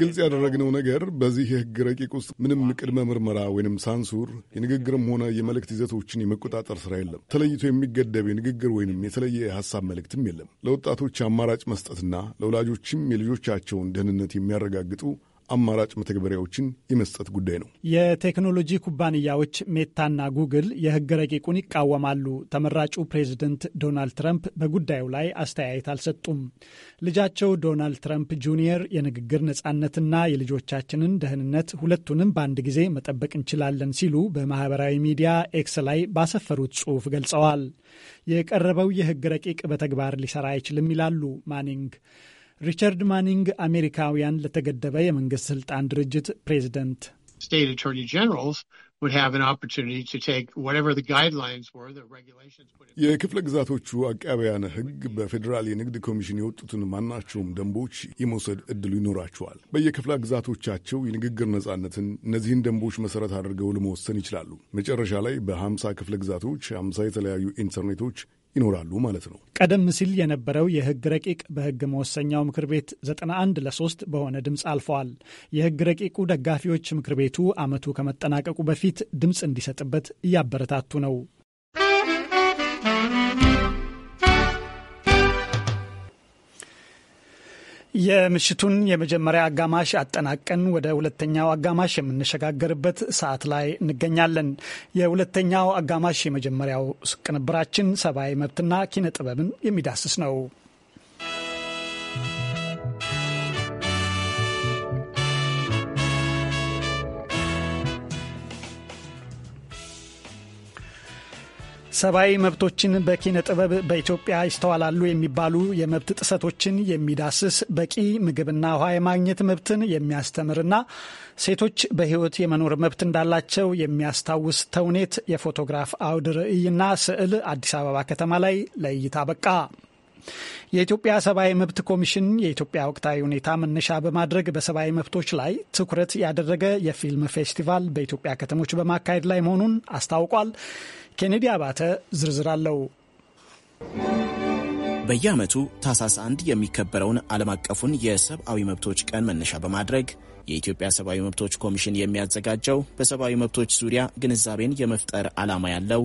ግልጽ ያደረግነው ነገር በዚህ የሕግ ረቂቅ ውስጥ ምንም ቅድመ ምርመራ ወይንም ሳንሱር የንግግርም ሆነ የመልእክት ይዘቶችን የመቆጣጠር ስራ የለም። ተለይቶ የሚገደብ የንግግር ወይንም የተለየ ሀሳብ መልእክትም የለም። ለወጣቶች አማራጭ መስጠትና ለወላጆችም የልጆቻቸውን ደህንነት የሚያረጋግጡ አማራጭ መተግበሪያዎችን የመስጠት ጉዳይ ነው። የቴክኖሎጂ ኩባንያዎች ሜታና ጉግል የሕግ ረቂቁን ይቃወማሉ። ተመራጩ ፕሬዚደንት ዶናልድ ትረምፕ በጉዳዩ ላይ አስተያየት አልሰጡም። ልጃቸው ዶናልድ ትራምፕ ጁኒየር የንግግር ነጻነትና የልጆቻችንን ደህንነት ሁለቱንም በአንድ ጊዜ መጠበቅ እንችላለን ሲሉ በማህበራዊ ሚዲያ ኤክስ ላይ ባሰፈሩት ጽሑፍ ገልጸዋል። የቀረበው የሕግ ረቂቅ በተግባር ሊሰራ አይችልም ይላሉ ማኒንግ ሪቻርድ ማኒንግ አሜሪካውያን ለተገደበ የመንግስት ስልጣን ድርጅት ፕሬዚደንት የክፍለ ግዛቶቹ አቃቢያን ሕግ በፌዴራል የንግድ ኮሚሽን የወጡትን ማናቸውም ደንቦች የመውሰድ እድሉ ይኖራቸዋል። በየክፍለ ግዛቶቻቸው የንግግር ነጻነትን እነዚህን ደንቦች መሰረት አድርገው ለመወሰን ይችላሉ። መጨረሻ ላይ በሀምሳ ክፍለ ግዛቶች ሀምሳ የተለያዩ ኢንተርኔቶች ይኖራሉ ማለት ነው። ቀደም ሲል የነበረው የህግ ረቂቅ በህግ መወሰኛው ምክር ቤት 91 ለ3 በሆነ ድምፅ አልፈዋል። የህግ ረቂቁ ደጋፊዎች ምክር ቤቱ አመቱ ከመጠናቀቁ በፊት ድምፅ እንዲሰጥበት እያበረታቱ ነው። የምሽቱን የመጀመሪያ አጋማሽ አጠናቀን ወደ ሁለተኛው አጋማሽ የምንሸጋገርበት ሰዓት ላይ እንገኛለን። የሁለተኛው አጋማሽ የመጀመሪያው ቅንብራችን ሰብአዊ መብትና ኪነ ጥበብን የሚዳስስ ነው። ሰብአዊ መብቶችን በኪነ ጥበብ በኢትዮጵያ ይስተዋላሉ የሚባሉ የመብት ጥሰቶችን የሚዳስስ በቂ ምግብና ውሃ የማግኘት መብትን የሚያስተምርና ሴቶች በሕይወት የመኖር መብት እንዳላቸው የሚያስታውስ ተውኔት የፎቶግራፍ አውደ ርዕይና ስዕል አዲስ አበባ ከተማ ላይ ለእይታ በቃ። የኢትዮጵያ ሰብአዊ መብት ኮሚሽን የኢትዮጵያ ወቅታዊ ሁኔታ መነሻ በማድረግ በሰብአዊ መብቶች ላይ ትኩረት ያደረገ የፊልም ፌስቲቫል በኢትዮጵያ ከተሞች በማካሄድ ላይ መሆኑን አስታውቋል። ኬኔዲ አባተ ዝርዝር አለው። በየዓመቱ ታህሳስ አንድ የሚከበረውን ዓለም አቀፉን የሰብአዊ መብቶች ቀን መነሻ በማድረግ የኢትዮጵያ ሰብአዊ መብቶች ኮሚሽን የሚያዘጋጀው በሰብአዊ መብቶች ዙሪያ ግንዛቤን የመፍጠር ዓላማ ያለው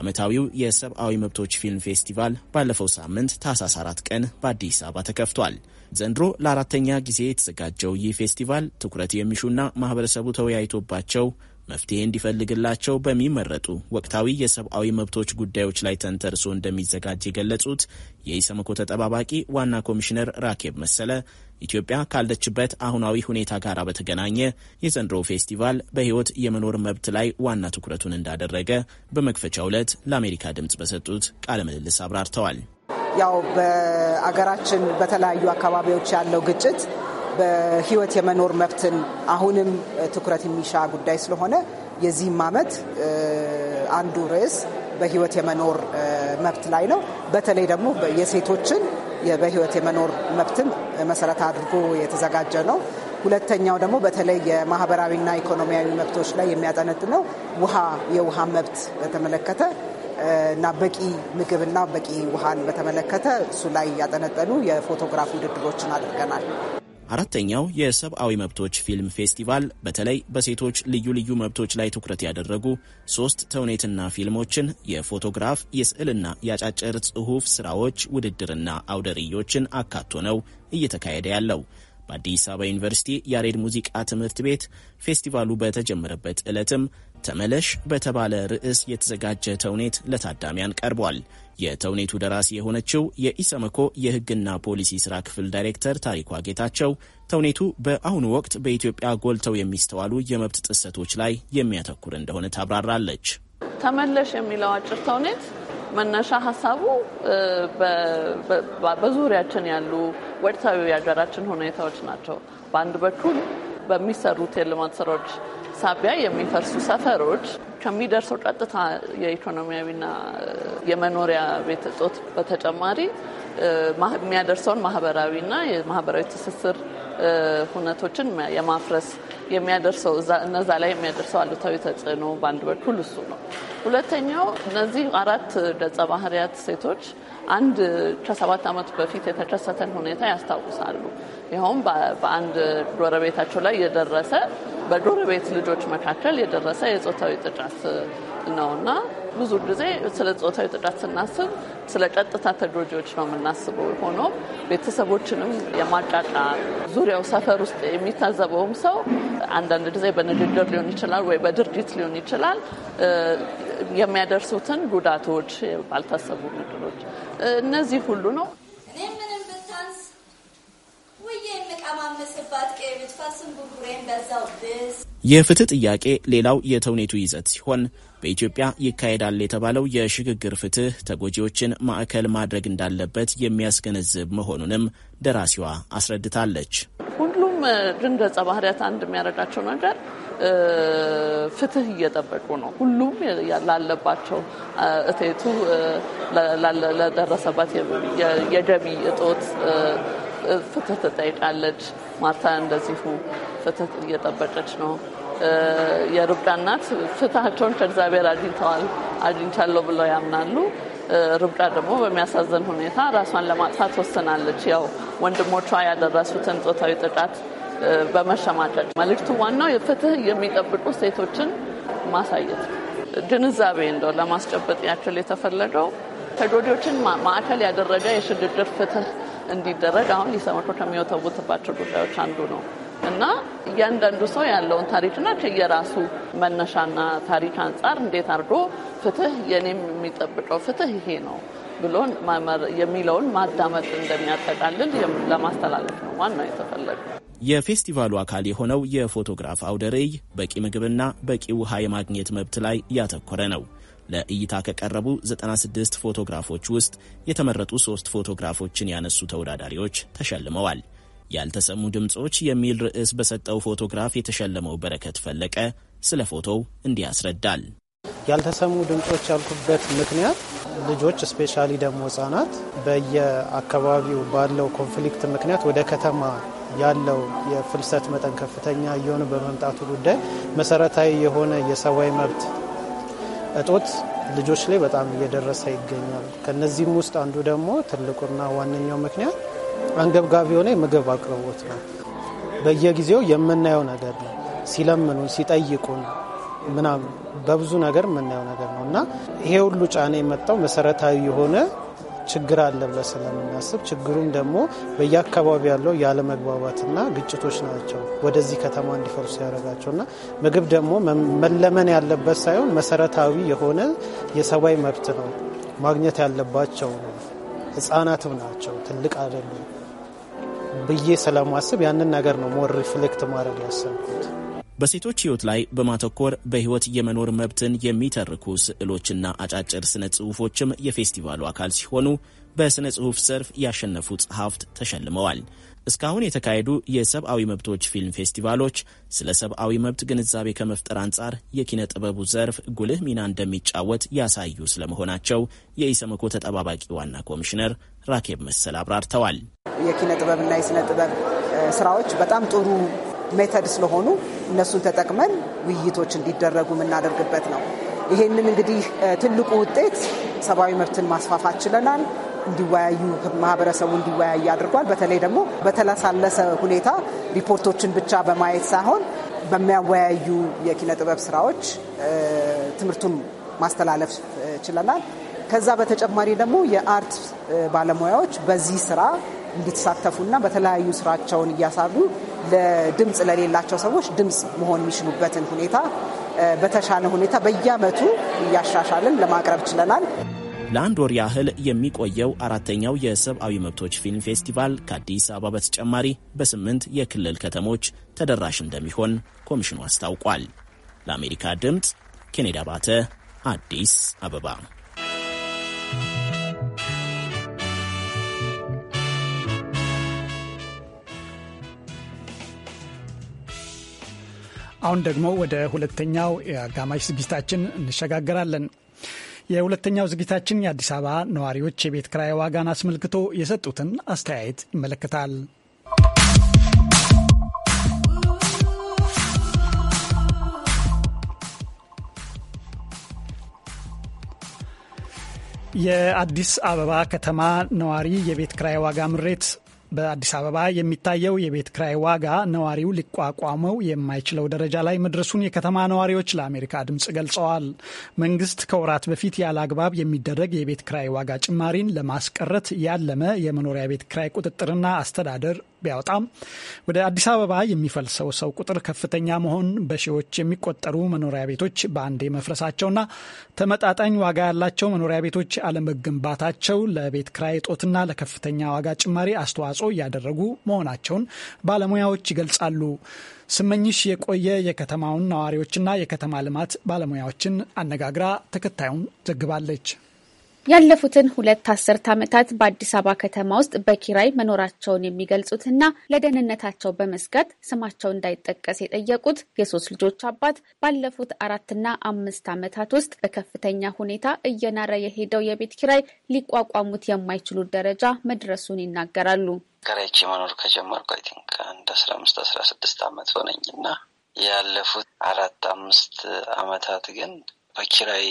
ዓመታዊው የሰብአዊ መብቶች ፊልም ፌስቲቫል ባለፈው ሳምንት ታህሳስ አራት ቀን በአዲስ አበባ ተከፍቷል። ዘንድሮ ለአራተኛ ጊዜ የተዘጋጀው ይህ ፌስቲቫል ትኩረት የሚሹና ማህበረሰቡ ተወያይቶባቸው መፍትሄ እንዲፈልግላቸው በሚመረጡ ወቅታዊ የሰብአዊ መብቶች ጉዳዮች ላይ ተንተርሶ እንደሚዘጋጅ የገለጹት የኢሰመኮ ተጠባባቂ ዋና ኮሚሽነር ራኬብ መሰለ ኢትዮጵያ ካለችበት አሁናዊ ሁኔታ ጋር በተገናኘ የዘንድሮ ፌስቲቫል በሕይወት የመኖር መብት ላይ ዋና ትኩረቱን እንዳደረገ በመክፈቻው ዕለት ለአሜሪካ ድምፅ በሰጡት ቃለ ምልልስ አብራርተዋል። ያው በአገራችን በተለያዩ አካባቢዎች ያለው ግጭት በህይወት የመኖር መብትን አሁንም ትኩረት የሚሻ ጉዳይ ስለሆነ የዚህም ዓመት አንዱ ርዕስ በህይወት የመኖር መብት ላይ ነው። በተለይ ደግሞ የሴቶችን በህይወት የመኖር መብትን መሰረት አድርጎ የተዘጋጀ ነው። ሁለተኛው ደግሞ በተለይ የማህበራዊና ኢኮኖሚያዊ መብቶች ላይ የሚያጠነጥነው ነው። ውሃ የውሃ መብት በተመለከተ እና በቂ ምግብና በቂ ውሃን በተመለከተ እሱ ላይ ያጠነጠኑ የፎቶግራፍ ውድድሮችን አድርገናል። አራተኛው የሰብአዊ መብቶች ፊልም ፌስቲቫል በተለይ በሴቶች ልዩ ልዩ መብቶች ላይ ትኩረት ያደረጉ ሶስት ተውኔትና ፊልሞችን፣ የፎቶግራፍ የስዕልና የአጫጭር ጽሑፍ ስራዎች ውድድርና አውደርዮችን አካቶ ነው እየተካሄደ ያለው። በአዲስ አበባ ዩኒቨርሲቲ ያሬድ ሙዚቃ ትምህርት ቤት ፌስቲቫሉ በተጀመረበት ዕለትም ተመለሽ በተባለ ርዕስ የተዘጋጀ ተውኔት ለታዳሚያን ቀርቧል። የተውኔቱ ደራሲ የሆነችው የኢሰመኮ የሕግና ፖሊሲ ስራ ክፍል ዳይሬክተር ታሪኳ ጌታቸው ተውኔቱ በአሁኑ ወቅት በኢትዮጵያ ጎልተው የሚስተዋሉ የመብት ጥሰቶች ላይ የሚያተኩር እንደሆነ ታብራራለች። ተመለሽ የሚለው አጭር ተውኔት መነሻ ሀሳቡ በዙሪያችን ያሉ ወቅታዊ የሀገራችን ሁኔታዎች ናቸው። በአንድ በኩል በሚሰሩት የልማት ስራዎች ሳቢያ የሚፈርሱ ሰፈሮች ከሚደርሰው ቀጥታ የኢኮኖሚያዊና የመኖሪያ ቤት እጦት በተጨማሪ የሚያደርሰውን ማህበራዊና የማህበራዊ ትስስር ሁነቶችን የማፍረስ የሚያደርሰው እነዛ ላይ የሚያደርሰው አሉታዊ ተጽዕኖ በአንድ በኩል እሱ ነው። ሁለተኛው እነዚህ አራት ገጸ ባህሪያት ሴቶች አንድ ከሰባት ዓመት በፊት የተከሰተን ሁኔታ ያስታውሳሉ። ይኸውም በአንድ ጎረቤታቸው ላይ የደረሰ በጎረቤት ልጆች መካከል የደረሰ የጾታዊ ጥቃት ነውና ብዙ ጊዜ ስለ ጾታዊ ጥቃት ስናስብ ስለ ቀጥታ ተጎጂዎች ነው የምናስበው። ሆኖ ቤተሰቦችንም የማጫጫ ዙሪያው ሰፈር ውስጥ የሚታዘበውም ሰው አንዳንድ ጊዜ በንግግር ሊሆን ይችላል ወይ በድርጊት ሊሆን ይችላል የሚያደርሱትን ጉዳቶች፣ ባልታሰቡ ነገሮች እነዚህ ሁሉ ነው። በዛው ብስ የፍትህ ጥያቄ ሌላው የተውኔቱ ይዘት ሲሆን በኢትዮጵያ ይካሄዳል የተባለው የሽግግር ፍትህ ተጎጂዎችን ማዕከል ማድረግ እንዳለበት የሚያስገነዝብ መሆኑንም ደራሲዋ አስረድታለች። ሁሉም ድንገጸ ባህሪያት አንድ የሚያደርጋቸው ነገር ፍትህ እየጠበቁ ነው። ሁሉም ላለባቸው እቴቱ ለደረሰባት የደሚ እጦት ፍትህ ትጠይቃለች። ማርታ እንደዚሁ ፍትህ እየጠበቀች ነው። የርብቃ እናት ፍትሃቸውን ከእግዚአብሔር አግኝተዋል አግኝቻለሁ ብለው ያምናሉ። ርብቃ ደግሞ በሚያሳዝን ሁኔታ ራሷን ለማጥፋት ወስናለች። ያው ወንድሞቿ ያደረሱትን ጾታዊ ጥቃት በመሸማቀቅ መልእክቱ ዋናው የፍትህ የሚጠብቁ ሴቶችን ማሳየት ግንዛቤ እንደው ለማስጨበጥ ያክል የተፈለገው ተጎጂዎችን ማዕከል ያደረገ የሽግግር ፍትህ እንዲደረግ አሁን ሊሰመቶ ከሚወተውትባቸው ጉዳዮች አንዱ ነው እና እያንዳንዱ ሰው ያለውን ታሪክና ከየራሱ መነሻና ታሪክ አንጻር እንዴት አድርጎ ፍትህ የኔም የሚጠብቀው ፍትህ ይሄ ነው ብሎ የሚለውን ማዳመጥ እንደሚያጠቃልል ለማስተላለፍ ነው ዋናው የተፈለገው። የፌስቲቫሉ አካል የሆነው የፎቶግራፍ አውደ ርዕይ በቂ ምግብና በቂ ውሃ የማግኘት መብት ላይ ያተኮረ ነው። ለእይታ ከቀረቡ 96 ፎቶግራፎች ውስጥ የተመረጡ ሶስት ፎቶግራፎችን ያነሱ ተወዳዳሪዎች ተሸልመዋል። ያልተሰሙ ድምፆች የሚል ርዕስ በሰጠው ፎቶግራፍ የተሸለመው በረከት ፈለቀ ስለ ፎቶው እንዲህ ያስረዳል። ያልተሰሙ ድምፆች ያልኩበት ምክንያት ልጆች ስፔሻሊ ደግሞ ህጻናት በየአካባቢው ባለው ኮንፍሊክት ምክንያት ወደ ከተማ ያለው የፍልሰት መጠን ከፍተኛ እየሆነ በመምጣቱ ጉዳይ መሰረታዊ የሆነ የሰብአዊ መብት እጦት ልጆች ላይ በጣም እየደረሰ ይገኛል። ከነዚህም ውስጥ አንዱ ደግሞ ትልቁና ዋነኛው ምክንያት አንገብጋቢ የሆነ የምግብ አቅርቦት ነው። በየጊዜው የምናየው ነገር ነው። ሲለምኑን፣ ሲጠይቁን ምናምን በብዙ ነገር የምናየው ነገር ነው እና ይሄ ሁሉ ጫና የመጣው መሰረታዊ የሆነ ችግር አለ ብለን ስለምናስብ ችግሩም ደግሞ በየአካባቢ ያለው ያለመግባባትና ግጭቶች ናቸው ወደዚህ ከተማ እንዲፈርሱ እና ምግብ ደግሞ መለመን ያለበት ሳይሆን መሰረታዊ የሆነ የሰብአዊ መብት ነው ማግኘት ያለባቸው ነው። ህጻናትም ናቸው ትልቅ አይደሉም ብዬ ስለማስብ ያንን ነገር ነው ሞር ሪፍሌክት ማድረግ ያሰብኩት። በሴቶች ህይወት ላይ በማተኮር በህይወት የመኖር መብትን የሚተርኩ ስዕሎችና አጫጭር ስነ ጽሁፎችም የፌስቲቫሉ አካል ሲሆኑ በስነ ጽሁፍ ዘርፍ ያሸነፉ ጸሐፍት ተሸልመዋል። እስካሁን የተካሄዱ የሰብአዊ መብቶች ፊልም ፌስቲቫሎች ስለ ሰብአዊ መብት ግንዛቤ ከመፍጠር አንጻር የኪነ ጥበቡ ዘርፍ ጉልህ ሚና እንደሚጫወት ያሳዩ ስለመሆናቸው የኢሰመኮ ተጠባባቂ ዋና ኮሚሽነር ራኬብ መሰል አብራርተዋል። የኪነ ጥበብና የስነ ጥበብ ስራዎች በጣም ጥሩ ሜተድ ስለሆኑ እነሱን ተጠቅመን ውይይቶች እንዲደረጉ የምናደርግበት ነው። ይሄንን እንግዲህ ትልቁ ውጤት ሰብአዊ መብትን ማስፋፋት ችለናል። እንዲወያዩ ማህበረሰቡ እንዲወያይ አድርጓል። በተለይ ደግሞ በተለሳለሰ ሁኔታ ሪፖርቶችን ብቻ በማየት ሳይሆን በሚያወያዩ የኪነ ጥበብ ስራዎች ትምህርቱን ማስተላለፍ ችለናል። ከዛ በተጨማሪ ደግሞ የአርት ባለሙያዎች በዚህ ስራ እንድትሳተፉና በተለያዩ ስራቸውን እያሳዩ ለድምፅ ለሌላቸው ሰዎች ድምፅ መሆን የሚችሉበትን ሁኔታ በተሻለ ሁኔታ በየዓመቱ እያሻሻልን ለማቅረብ ችለናል። ለአንድ ወር ያህል የሚቆየው አራተኛው የሰብአዊ መብቶች ፊልም ፌስቲቫል ከአዲስ አበባ በተጨማሪ በስምንት የክልል ከተሞች ተደራሽ እንደሚሆን ኮሚሽኑ አስታውቋል። ለአሜሪካ ድምፅ ኬኔዲ አባተ አዲስ አበባ አሁን ደግሞ ወደ ሁለተኛው የአጋማሽ ዝግጅታችን እንሸጋገራለን። የሁለተኛው ዝግጅታችን የአዲስ አበባ ነዋሪዎች የቤት ክራይ ዋጋን አስመልክቶ የሰጡትን አስተያየት ይመለከታል። የአዲስ አበባ ከተማ ነዋሪ የቤት ክራይ ዋጋ ምሬት በአዲስ አበባ የሚታየው የቤት ክራይ ዋጋ ነዋሪው ሊቋቋመው የማይችለው ደረጃ ላይ መድረሱን የከተማ ነዋሪዎች ለአሜሪካ ድምፅ ገልጸዋል። መንግስት ከወራት በፊት ያለ አግባብ የሚደረግ የቤት ክራይ ዋጋ ጭማሪን ለማስቀረት ያለመ የመኖሪያ ቤት ክራይ ቁጥጥርና አስተዳደር ቢያወጣም ወደ አዲስ አበባ የሚፈልሰው ሰው ቁጥር ከፍተኛ መሆን በሺዎች የሚቆጠሩ መኖሪያ ቤቶች በአንዴ መፍረሳቸውና ተመጣጣኝ ዋጋ ያላቸው መኖሪያ ቤቶች አለመገንባታቸው ለቤት ክራይ እጦትና ለከፍተኛ ዋጋ ጭማሪ አስተዋጽኦ እያደረጉ መሆናቸውን ባለሙያዎች ይገልጻሉ። ስመኝሽ የቆየ የከተማውን ነዋሪዎችና የከተማ ልማት ባለሙያዎችን አነጋግራ ተከታዩን ዘግባለች። ያለፉትን ሁለት አስርት ዓመታት በአዲስ አበባ ከተማ ውስጥ በኪራይ መኖራቸውን የሚገልጹትና ለደህንነታቸው በመስጋት ስማቸው እንዳይጠቀስ የጠየቁት የሶስት ልጆች አባት ባለፉት አራትና አምስት ዓመታት ውስጥ በከፍተኛ ሁኔታ እየናረ የሄደው የቤት ኪራይ ሊቋቋሙት የማይችሉት ደረጃ መድረሱን ይናገራሉ። ከራይቼ መኖር ከጀመርኩ አይ ቲንክ አንድ አስራ አምስት አስራ ስድስት ዓመት ሆነኝ ያለፉት አራት አምስት ዓመታት ግን በኪራይ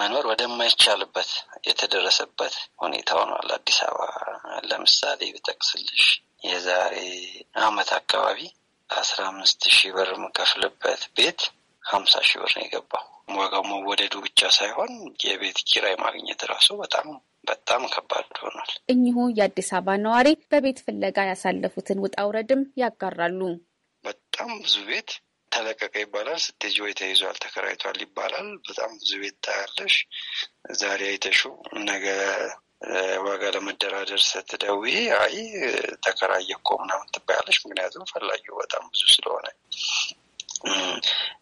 መኖር ወደማይቻልበት የተደረሰበት ሁኔታ ሆኗል። አዲስ አበባ ለምሳሌ ብጠቅስልሽ የዛሬ አመት አካባቢ አስራ አምስት ሺህ ብር የምከፍልበት ቤት ሀምሳ ሺህ ብር ነው የገባው። ዋጋው መወደዱ ብቻ ሳይሆን የቤት ኪራይ ማግኘት ራሱ በጣም በጣም ከባድ ሆኗል። እኚሁ የአዲስ አበባ ነዋሪ በቤት ፍለጋ ያሳለፉትን ውጣ ውረድም ያጋራሉ። በጣም ብዙ ቤት ተለቀቀ ይባላል። ስትሄጂ ወይ ተይዟል፣ ተከራይቷል ይባላል። በጣም ብዙ ቤት ታያለሽ። ዛሬ አይተሽው ነገ ዋጋ ለመደራደር ስትደውይ አይ ተከራየ እኮ ምናምን ትባያለሽ። ምክንያቱም ፈላጊው በጣም ብዙ ስለሆነ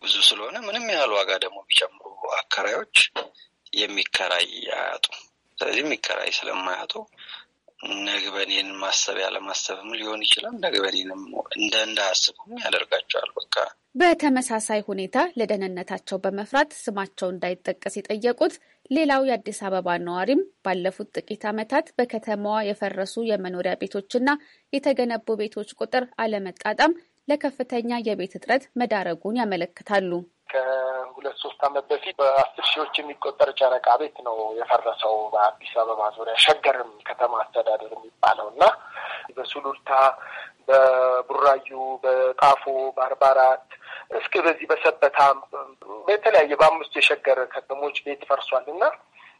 ብዙ ስለሆነ ምንም ያህል ዋጋ ደግሞ ቢጨምሩ አከራዮች የሚከራይ አያጡ። ስለዚህ የሚከራይ ስለማያጡ ነግበኔን ማሰብ ያለማሰብም ሊሆን ይችላል። ነግበኔንም እንደ እንዳያስቡም ያደርጋቸዋል። በቃ በተመሳሳይ ሁኔታ ለደህንነታቸው በመፍራት ስማቸው እንዳይጠቀስ የጠየቁት ሌላው የአዲስ አበባ ነዋሪም ባለፉት ጥቂት ዓመታት በከተማዋ የፈረሱ የመኖሪያ ቤቶችና የተገነቡ ቤቶች ቁጥር አለመጣጣም ለከፍተኛ የቤት እጥረት መዳረጉን ያመለክታሉ። ከሁለት ሶስት ዓመት በፊት በአስር ሺዎች የሚቆጠር ጨረቃ ቤት ነው የፈረሰው በአዲስ አበባ ዙሪያ ሸገርም ከተማ አስተዳደር የሚባለው እና በሱሉልታ በቡራዩ፣ በጣፎ፣ በአርባ አራት እስከ በዚህ በሰበታም በተለያየ በአምስቱ የሸገር ከተሞች ቤት ፈርሷል እና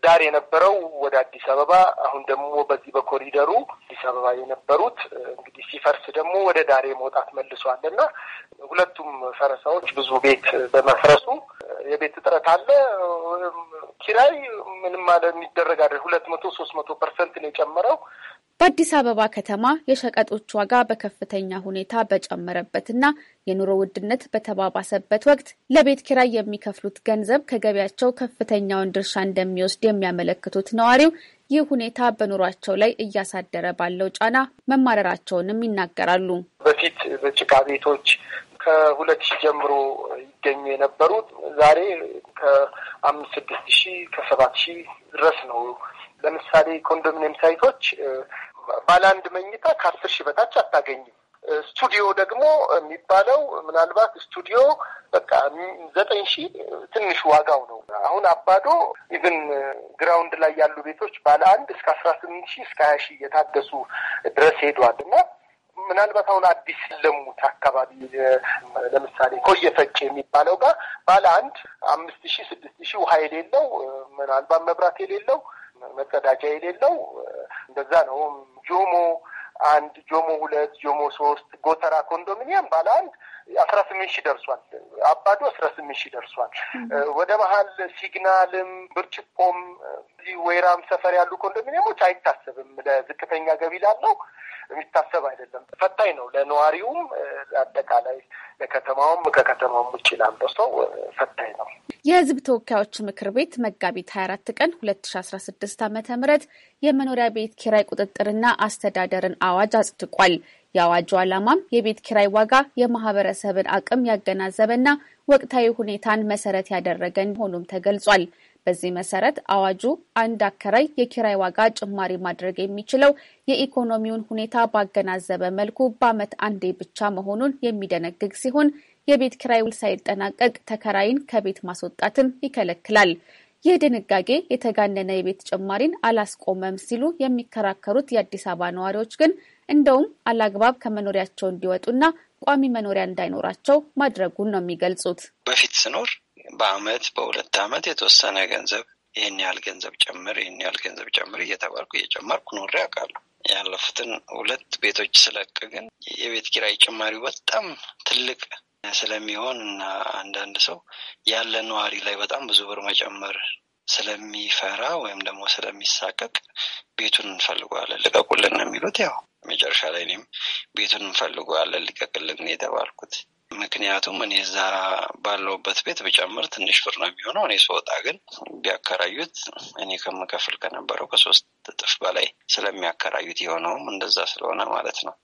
ዳር የነበረው ወደ አዲስ አበባ አሁን ደግሞ በዚህ በኮሪደሩ አዲስ አበባ የነበሩት እንግዲህ ሲፈርስ ደግሞ ወደ ዳሬ መውጣት መልሷል እና ሁለቱም ፈረሳዎች ብዙ ቤት በመፍረሱ የቤት እጥረት አለ። ኪራይ ምንም ማለ የሚደረግ አይደል። ሁለት መቶ ሶስት መቶ ፐርሰንት ነው የጨመረው። በአዲስ አበባ ከተማ የሸቀጦች ዋጋ በከፍተኛ ሁኔታ በጨመረበትና የኑሮ ውድነት በተባባሰበት ወቅት ለቤት ኪራይ የሚከፍሉት ገንዘብ ከገቢያቸው ከፍተኛውን ድርሻ እንደሚወስድ የሚያመለክቱት ነዋሪው ይህ ሁኔታ በኑሯቸው ላይ እያሳደረ ባለው ጫና መማረራቸውንም ይናገራሉ። በፊት በጭቃ ቤቶች ከሁለት ሺህ ጀምሮ ይገኙ የነበሩት ዛሬ ከአምስት ስድስት ሺህ ከሰባት ሺህ ድረስ ነው። ለምሳሌ ኮንዶሚኒየም ሳይቶች ባለ አንድ መኝታ ከአስር ሺህ በታች አታገኝም። ስቱዲዮ ደግሞ የሚባለው ምናልባት ስቱዲዮ በቃ ዘጠኝ ሺህ ትንሽ ዋጋው ነው። አሁን አባዶ ኢቭን ግራውንድ ላይ ያሉ ቤቶች ባለ አንድ እስከ አስራ ስምንት ሺህ እስከ ሀያ ሺህ እየታገሱ ድረስ ሄዷል እና ምናልባት አሁን አዲስ ለሙት አካባቢ ለምሳሌ ኮየፈጭ የሚባለው ጋር ባለ አንድ አምስት ሺህ ስድስት ሺህ ውሃ የሌለው ምናልባት መብራት የሌለው መጸዳጃ የሌለው እንደዛ ነው ጆሞ አንድ ጆሞ ሁለት ጆሞ ሶስት ጎተራ ኮንዶሚኒየም ባለ አንድ አስራ ስምንት ሺህ ደርሷል። አባዶ አስራ ስምንት ሺህ ደርሷል። ወደ መሀል ሲግናልም፣ ብርጭቆም፣ ወይራም ሰፈር ያሉ ኮንዶሚኒየሞች አይታሰብም። ለዝቅተኛ ገቢ ላለው የሚታሰብ አይደለም። ፈታኝ ነው ለነዋሪውም፣ አጠቃላይ ለከተማውም፣ ከከተማውም ውጭ ላለው ሰው ፈታኝ ነው። የህዝብ ተወካዮች ምክር ቤት መጋቢት 24 ቀን 2016 ዓ.ም የመኖሪያ ቤት ኪራይ ቁጥጥርና አስተዳደርን አዋጅ አጽድቋል። የአዋጁ ዓላማም የቤት ኪራይ ዋጋ የማህበረሰብን አቅም ያገናዘበና ወቅታዊ ሁኔታን መሰረት ያደረገ መሆኑም ተገልጿል። በዚህ መሰረት አዋጁ አንድ አከራይ የኪራይ ዋጋ ጭማሪ ማድረግ የሚችለው የኢኮኖሚውን ሁኔታ ባገናዘበ መልኩ በዓመት አንዴ ብቻ መሆኑን የሚደነግግ ሲሆን የቤት ኪራይ ውል ሳይጠናቀቅ ተከራይን ከቤት ማስወጣትም ይከለክላል። ይህ ድንጋጌ የተጋነነ የቤት ጭማሪን አላስቆመም ሲሉ የሚከራከሩት የአዲስ አበባ ነዋሪዎች ግን እንደውም አላግባብ ከመኖሪያቸው እንዲወጡና ቋሚ መኖሪያ እንዳይኖራቸው ማድረጉን ነው የሚገልጹት። በፊት ስኖር በአመት በሁለት አመት የተወሰነ ገንዘብ ይህን ያህል ገንዘብ ጨምር፣ ይህን ያህል ገንዘብ ጨምር እየተባልኩ እየጨመርኩ ኖሬ አውቃለሁ። ያለፉትን ሁለት ቤቶች ስለቅ ግን የቤት ኪራይ ጭማሪው በጣም ትልቅ ስለሚሆን እና አንዳንድ ሰው ያለ ነዋሪ ላይ በጣም ብዙ ብር መጨመር ስለሚፈራ ወይም ደግሞ ስለሚሳቀቅ ቤቱን እንፈልገዋለን ልቀቁልን ነው የሚሉት። ያው መጨረሻ ላይ እኔም ቤቱን እንፈልገዋለን ልቀቅልን የተባልኩት ምክንያቱም እኔ እዛ ባለውበት ቤት ብጨምር ትንሽ ብር ነው የሚሆነው። እኔ ስወጣ ግን ቢያከራዩት እኔ ከምከፍል ከነበረው ከሶስት እጥፍ በላይ ስለሚያከራዩት የሆነውም እንደዛ ስለሆነ ማለት ነው።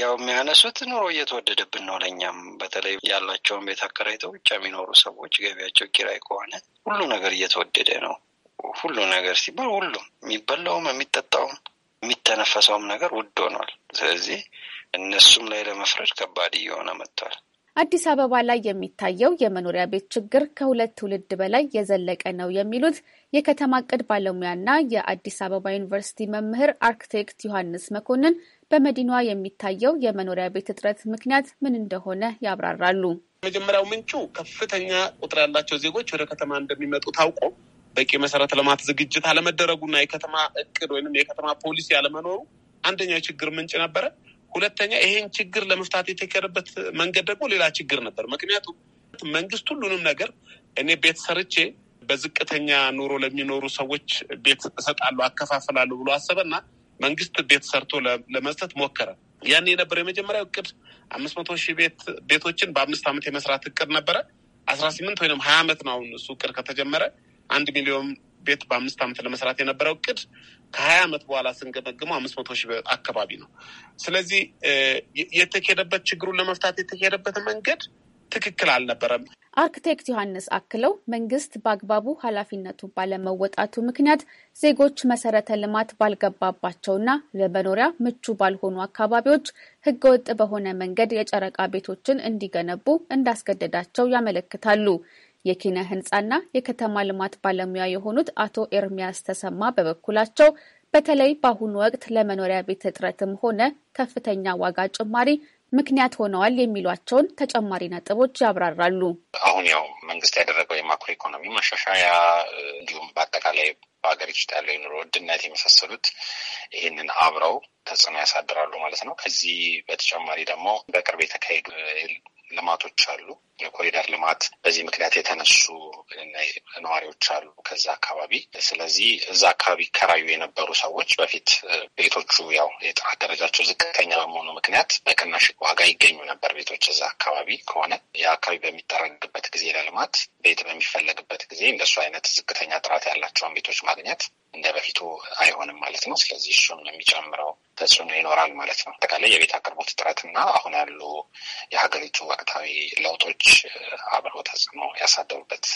ያው የሚያነሱት ኑሮ እየተወደደብን ነው። ለእኛም በተለይ ያላቸውን ቤት አከራይተው ብቻ የሚኖሩ ሰዎች ገቢያቸው ኪራይ ከሆነ ሁሉ ነገር እየተወደደ ነው። ሁሉ ነገር ሲባል ሁሉም የሚበላውም፣ የሚጠጣውም፣ የሚተነፈሰውም ነገር ውድ ሆኗል። ስለዚህ እነሱም ላይ ለመፍረድ ከባድ እየሆነ መጥቷል። አዲስ አበባ ላይ የሚታየው የመኖሪያ ቤት ችግር ከሁለት ትውልድ በላይ የዘለቀ ነው የሚሉት የከተማ እቅድ ባለሙያና የአዲስ አበባ ዩኒቨርሲቲ መምህር አርክቴክት ዮሐንስ መኮንን በመዲናዋ የሚታየው የመኖሪያ ቤት እጥረት ምክንያት ምን እንደሆነ ያብራራሉ። የመጀመሪያው ምንጩ ከፍተኛ ቁጥር ያላቸው ዜጎች ወደ ከተማ እንደሚመጡ ታውቆ በቂ መሰረተ ልማት ዝግጅት አለመደረጉና የከተማ እቅድ ወይም የከተማ ፖሊሲ አለመኖሩ አንደኛው ችግር ምንጭ ነበረ። ሁለተኛ ይሄን ችግር ለመፍታት የተከረበት መንገድ ደግሞ ሌላ ችግር ነበር። ምክንያቱም መንግስት ሁሉንም ነገር እኔ ቤት ሰርቼ በዝቅተኛ ኑሮ ለሚኖሩ ሰዎች ቤት እሰጣለሁ አከፋፈላለሁ ብሎ አሰበና መንግስት ቤት ሰርቶ ለመስጠት ሞከረ። ያን የነበረ የመጀመሪያው እቅድ አምስት መቶ ሺህ ቤት ቤቶችን በአምስት ዓመት የመስራት እቅድ ነበረ። አስራ ስምንት ወይም ሀያ ዓመት ነው አሁን እሱ እቅድ ከተጀመረ አንድ ሚሊዮን ቤት በአምስት ዓመት ለመስራት የነበረው እቅድ ከሀያ ዓመት በኋላ ስንገመግመው አምስት መቶ ሺህ አካባቢ ነው። ስለዚህ የተሄደበት ችግሩን ለመፍታት የተካሄደበት መንገድ ትክክል አልነበረም። አርክቴክት ዮሐንስ አክለው መንግስት በአግባቡ ኃላፊነቱ ባለመወጣቱ ምክንያት ዜጎች መሰረተ ልማት ባልገባባቸውና ለመኖሪያ ምቹ ባልሆኑ አካባቢዎች ህገወጥ በሆነ መንገድ የጨረቃ ቤቶችን እንዲገነቡ እንዳስገደዳቸው ያመለክታሉ። የኪነ ህንፃና የከተማ ልማት ባለሙያ የሆኑት አቶ ኤርሚያስ ተሰማ በበኩላቸው በተለይ በአሁኑ ወቅት ለመኖሪያ ቤት እጥረትም ሆነ ከፍተኛ ዋጋ ጭማሪ ምክንያት ሆነዋል የሚሏቸውን ተጨማሪ ነጥቦች ያብራራሉ። አሁን ያው መንግስት ያደረገው የማክሮ ኢኮኖሚ ማሻሻያ እንዲሁም በአጠቃላይ በሀገሪቱ ውስጥ ያለው የኑሮ ውድነት የመሳሰሉት ይህንን አብረው ተጽዕኖ ያሳድራሉ ማለት ነው። ከዚህ በተጨማሪ ደግሞ በቅርብ የተካሄዱ ልማቶች አሉ። የኮሪደር ልማት በዚህ ምክንያት የተነሱ ነዋሪዎች አሉ ከዛ አካባቢ። ስለዚህ እዛ አካባቢ ከራዩ የነበሩ ሰዎች በፊት ቤቶቹ ያው የጥራት ደረጃቸው ዝቅተኛ በመሆኑ ምክንያት በቅናሽ ዋጋ ይገኙ ነበር ቤቶች እዛ አካባቢ ከሆነ የአካባቢ በሚጠረግበት ጊዜ ለልማት ቤት በሚፈለግበት ጊዜ እንደሱ አይነት ዝቅተኛ ጥራት ያላቸውን ቤቶች ማግኘት እንደ በፊቱ አይሆንም ማለት ነው። ስለዚህ እሱም የሚጨምረው ተጽዕኖ ይኖራል ማለት ነው። አጠቃላይ የቤት አቅርቦት እጥረት እና አሁን ያሉ የሀገሪቱ ወቅታዊ ለውጦች አብረው ተጽዕኖ ያሳደሩበት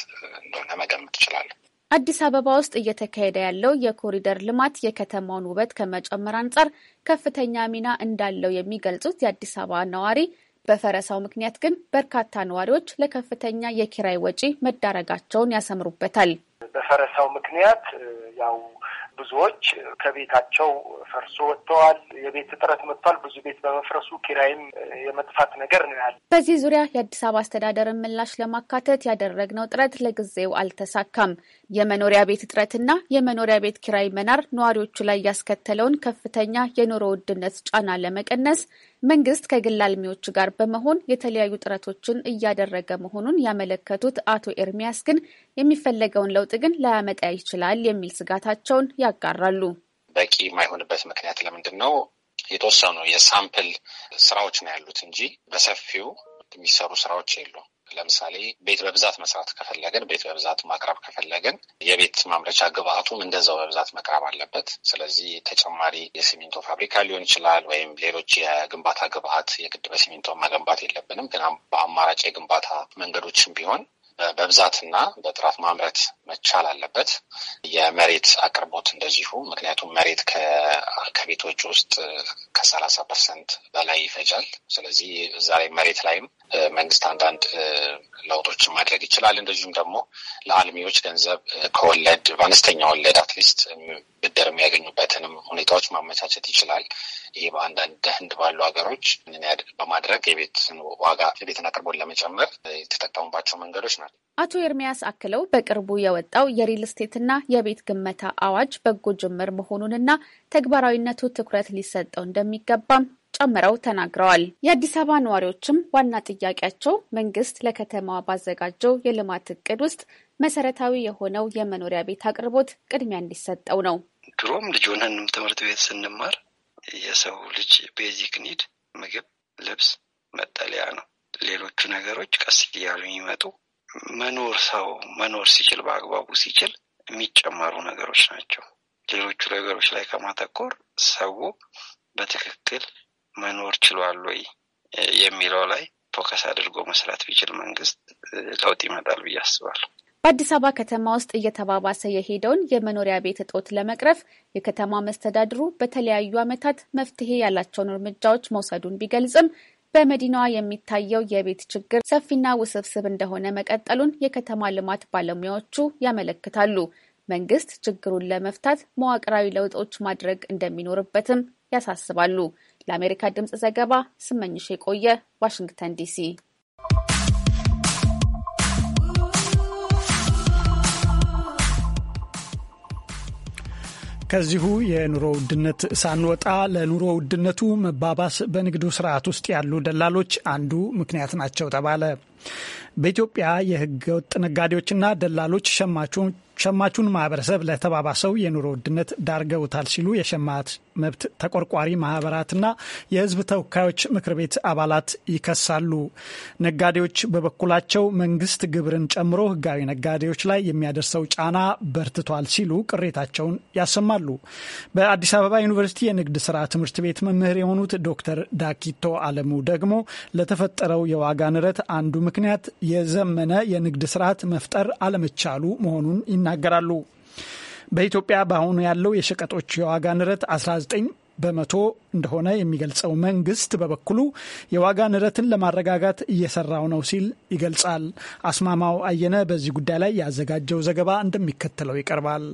እንደሆነ መገመት ይችላል። አዲስ አበባ ውስጥ እየተካሄደ ያለው የኮሪደር ልማት የከተማውን ውበት ከመጨመር አንጻር ከፍተኛ ሚና እንዳለው የሚገልጹት የአዲስ አበባ ነዋሪ በፈረሳው ምክንያት ግን በርካታ ነዋሪዎች ለከፍተኛ የኪራይ ወጪ መዳረጋቸውን ያሰምሩበታል። በፈረሰው ምክንያት ያው ብዙዎች ከቤታቸው ፈርሶ ወጥተዋል። የቤት እጥረት መጥቷል። ብዙ ቤት በመፍረሱ ኪራይም የመጥፋት ነገር ነው ያለ። በዚህ ዙሪያ የአዲስ አበባ አስተዳደርን ምላሽ ለማካተት ያደረግነው ጥረት ለጊዜው አልተሳካም። የመኖሪያ ቤት እጥረትና የመኖሪያ ቤት ኪራይ መናር ነዋሪዎቹ ላይ ያስከተለውን ከፍተኛ የኑሮ ውድነት ጫና ለመቀነስ መንግስት ከግል አልሚዎቹ ጋር በመሆን የተለያዩ ጥረቶችን እያደረገ መሆኑን ያመለከቱት አቶ ኤርሚያስ ግን የሚፈለገውን ለውጥ ግን ላያመጣ ይችላል የሚል ስጋታቸውን ያጋራሉ። በቂ የማይሆንበት ምክንያት ለምንድን ነው? የተወሰኑ የሳምፕል ስራዎች ነው ያሉት እንጂ በሰፊው የሚሰሩ ስራዎች የሉም። ለምሳሌ ቤት በብዛት መስራት ከፈለግን፣ ቤት በብዛት ማቅረብ ከፈለግን የቤት ማምረቻ ግብአቱም እንደዛው በብዛት መቅረብ አለበት። ስለዚህ ተጨማሪ የሲሚንቶ ፋብሪካ ሊሆን ይችላል ወይም ሌሎች የግንባታ ግብአት የግድ በሲሚንቶ መገንባት የለብንም፣ ግን በአማራጭ የግንባታ መንገዶችም ቢሆን በብዛትና በጥራት ማምረት መቻል አለበት። የመሬት አቅርቦት እንደዚሁ። ምክንያቱም መሬት ከቤቶች ውስጥ ከሰላሳ ፐርሰንት በላይ ይፈጃል። ስለዚህ እዛ ላይ መሬት ላይም መንግስት አንዳንድ ለውጦችን ማድረግ ይችላል። እንደዚሁም ደግሞ ለአልሚዎች ገንዘብ ከወለድ በአነስተኛ ወለድ አትሊስት ብድር የሚያገኙበትንም ሁኔታዎች ማመቻቸት ይችላል። ይሄ በአንዳንድ ህንድ ባሉ ሀገሮች በማድረግ የቤትን ዋጋ የቤትን አቅርቦት ለመጨመር የተጠቀሙባቸው መንገዶች ናቸው። ይላል። አቶ ኤርሚያስ አክለው በቅርቡ የወጣው የሪል ስቴትና የቤት ግመታ አዋጅ በጎ ጅምር መሆኑንና ተግባራዊነቱ ትኩረት ሊሰጠው እንደሚገባም ጨምረው ተናግረዋል። የአዲስ አበባ ነዋሪዎችም ዋና ጥያቄያቸው መንግስት ለከተማዋ ባዘጋጀው የልማት እቅድ ውስጥ መሰረታዊ የሆነው የመኖሪያ ቤት አቅርቦት ቅድሚያ እንዲሰጠው ነው። ድሮም ልጅ ሆነንም ትምህርት ቤት ስንማር የሰው ልጅ ቤዚክ ኒድ ምግብ፣ ልብስ፣ መጠለያ ነው። ሌሎቹ ነገሮች ቀስ እያሉ የሚመጡ መኖር ሰው መኖር ሲችል በአግባቡ ሲችል የሚጨመሩ ነገሮች ናቸው። ሌሎቹ ነገሮች ላይ ከማተኮር ሰው በትክክል መኖር ችሏል ወይ የሚለው ላይ ፎከስ አድርጎ መስራት ቢችል መንግስት ለውጥ ይመጣል ብዬ አስባለሁ። በአዲስ አበባ ከተማ ውስጥ እየተባባሰ የሄደውን የመኖሪያ ቤት እጦት ለመቅረፍ የከተማ መስተዳድሩ በተለያዩ ዓመታት መፍትሄ ያላቸውን እርምጃዎች መውሰዱን ቢገልጽም በመዲናዋ የሚታየው የቤት ችግር ሰፊና ውስብስብ እንደሆነ መቀጠሉን የከተማ ልማት ባለሙያዎቹ ያመለክታሉ። መንግስት ችግሩን ለመፍታት መዋቅራዊ ለውጦች ማድረግ እንደሚኖርበትም ያሳስባሉ። ለአሜሪካ ድምጽ ዘገባ ስመኝሽ የቆየ ዋሽንግተን ዲሲ። ከዚሁ የኑሮ ውድነት ሳንወጣ ለኑሮ ውድነቱ መባባስ በንግዱ ስርዓት ውስጥ ያሉ ደላሎች አንዱ ምክንያት ናቸው ተባለ። በኢትዮጵያ የህገ ወጥ ነጋዴዎችና ደላሎች ሸማቾች ሸማቹን ማህበረሰብ ለተባባሰው የኑሮ ውድነት ዳርገውታል ሲሉ የሸማች መብት ተቆርቋሪ ማህበራትና የህዝብ ተወካዮች ምክር ቤት አባላት ይከሳሉ። ነጋዴዎች በበኩላቸው መንግስት ግብርን ጨምሮ ህጋዊ ነጋዴዎች ላይ የሚያደርሰው ጫና በርትቷል ሲሉ ቅሬታቸውን ያሰማሉ። በአዲስ አበባ ዩኒቨርሲቲ የንግድ ስራ ትምህርት ቤት መምህር የሆኑት ዶክተር ዳኪቶ አለሙ ደግሞ ለተፈጠረው የዋጋ ንረት አንዱ ምክንያት የዘመነ የንግድ ስርዓት መፍጠር አለመቻሉ መሆኑን ይናል ይናገራሉ። በኢትዮጵያ በአሁኑ ያለው የሸቀጦች የዋጋ ንረት 19 በመቶ እንደሆነ የሚገልጸው መንግስት በበኩሉ የዋጋ ንረትን ለማረጋጋት እየሰራው ነው ሲል ይገልጻል። አስማማው አየነ በዚህ ጉዳይ ላይ ያዘጋጀው ዘገባ እንደሚከተለው ይቀርባል።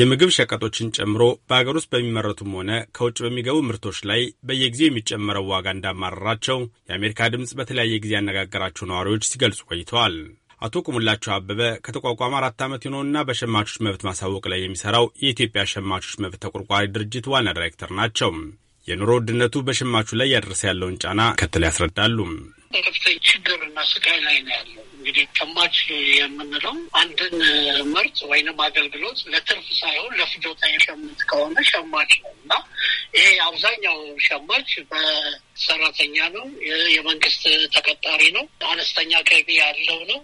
የምግብ ሸቀጦችን ጨምሮ በሀገር ውስጥ በሚመረቱም ሆነ ከውጭ በሚገቡ ምርቶች ላይ በየጊዜው የሚጨመረው ዋጋ እንዳማረራቸው የአሜሪካ ድምፅ በተለያየ ጊዜ ያነጋገራቸው ነዋሪዎች ሲገልጹ ቆይተዋል። አቶ ቁሙላቸው አበበ ከተቋቋመ አራት ዓመት የሆነውና በሸማቾች መብት ማሳወቅ ላይ የሚሰራው የኢትዮጵያ ሸማቾች መብት ተቆርቋሪ ድርጅት ዋና ዳይሬክተር ናቸው። የኑሮ ውድነቱ በሸማቹ ላይ ያደረሰ ያለውን ጫና ከትል ያስረዳሉ። ከፍተኛ ችግር እና ስቃይ ላይ ነው ያለው። እንግዲህ ሸማች የምንለው አንድን ምርት ወይንም አገልግሎት ለትርፍ ሳይሆን ለፍጆታ የሸምት ከሆነ ሸማች ነው እና ይሄ አብዛኛው ሸማች በሰራተኛ ነው፣ የመንግስት ተቀጣሪ ነው፣ አነስተኛ ገቢ ያለው ነው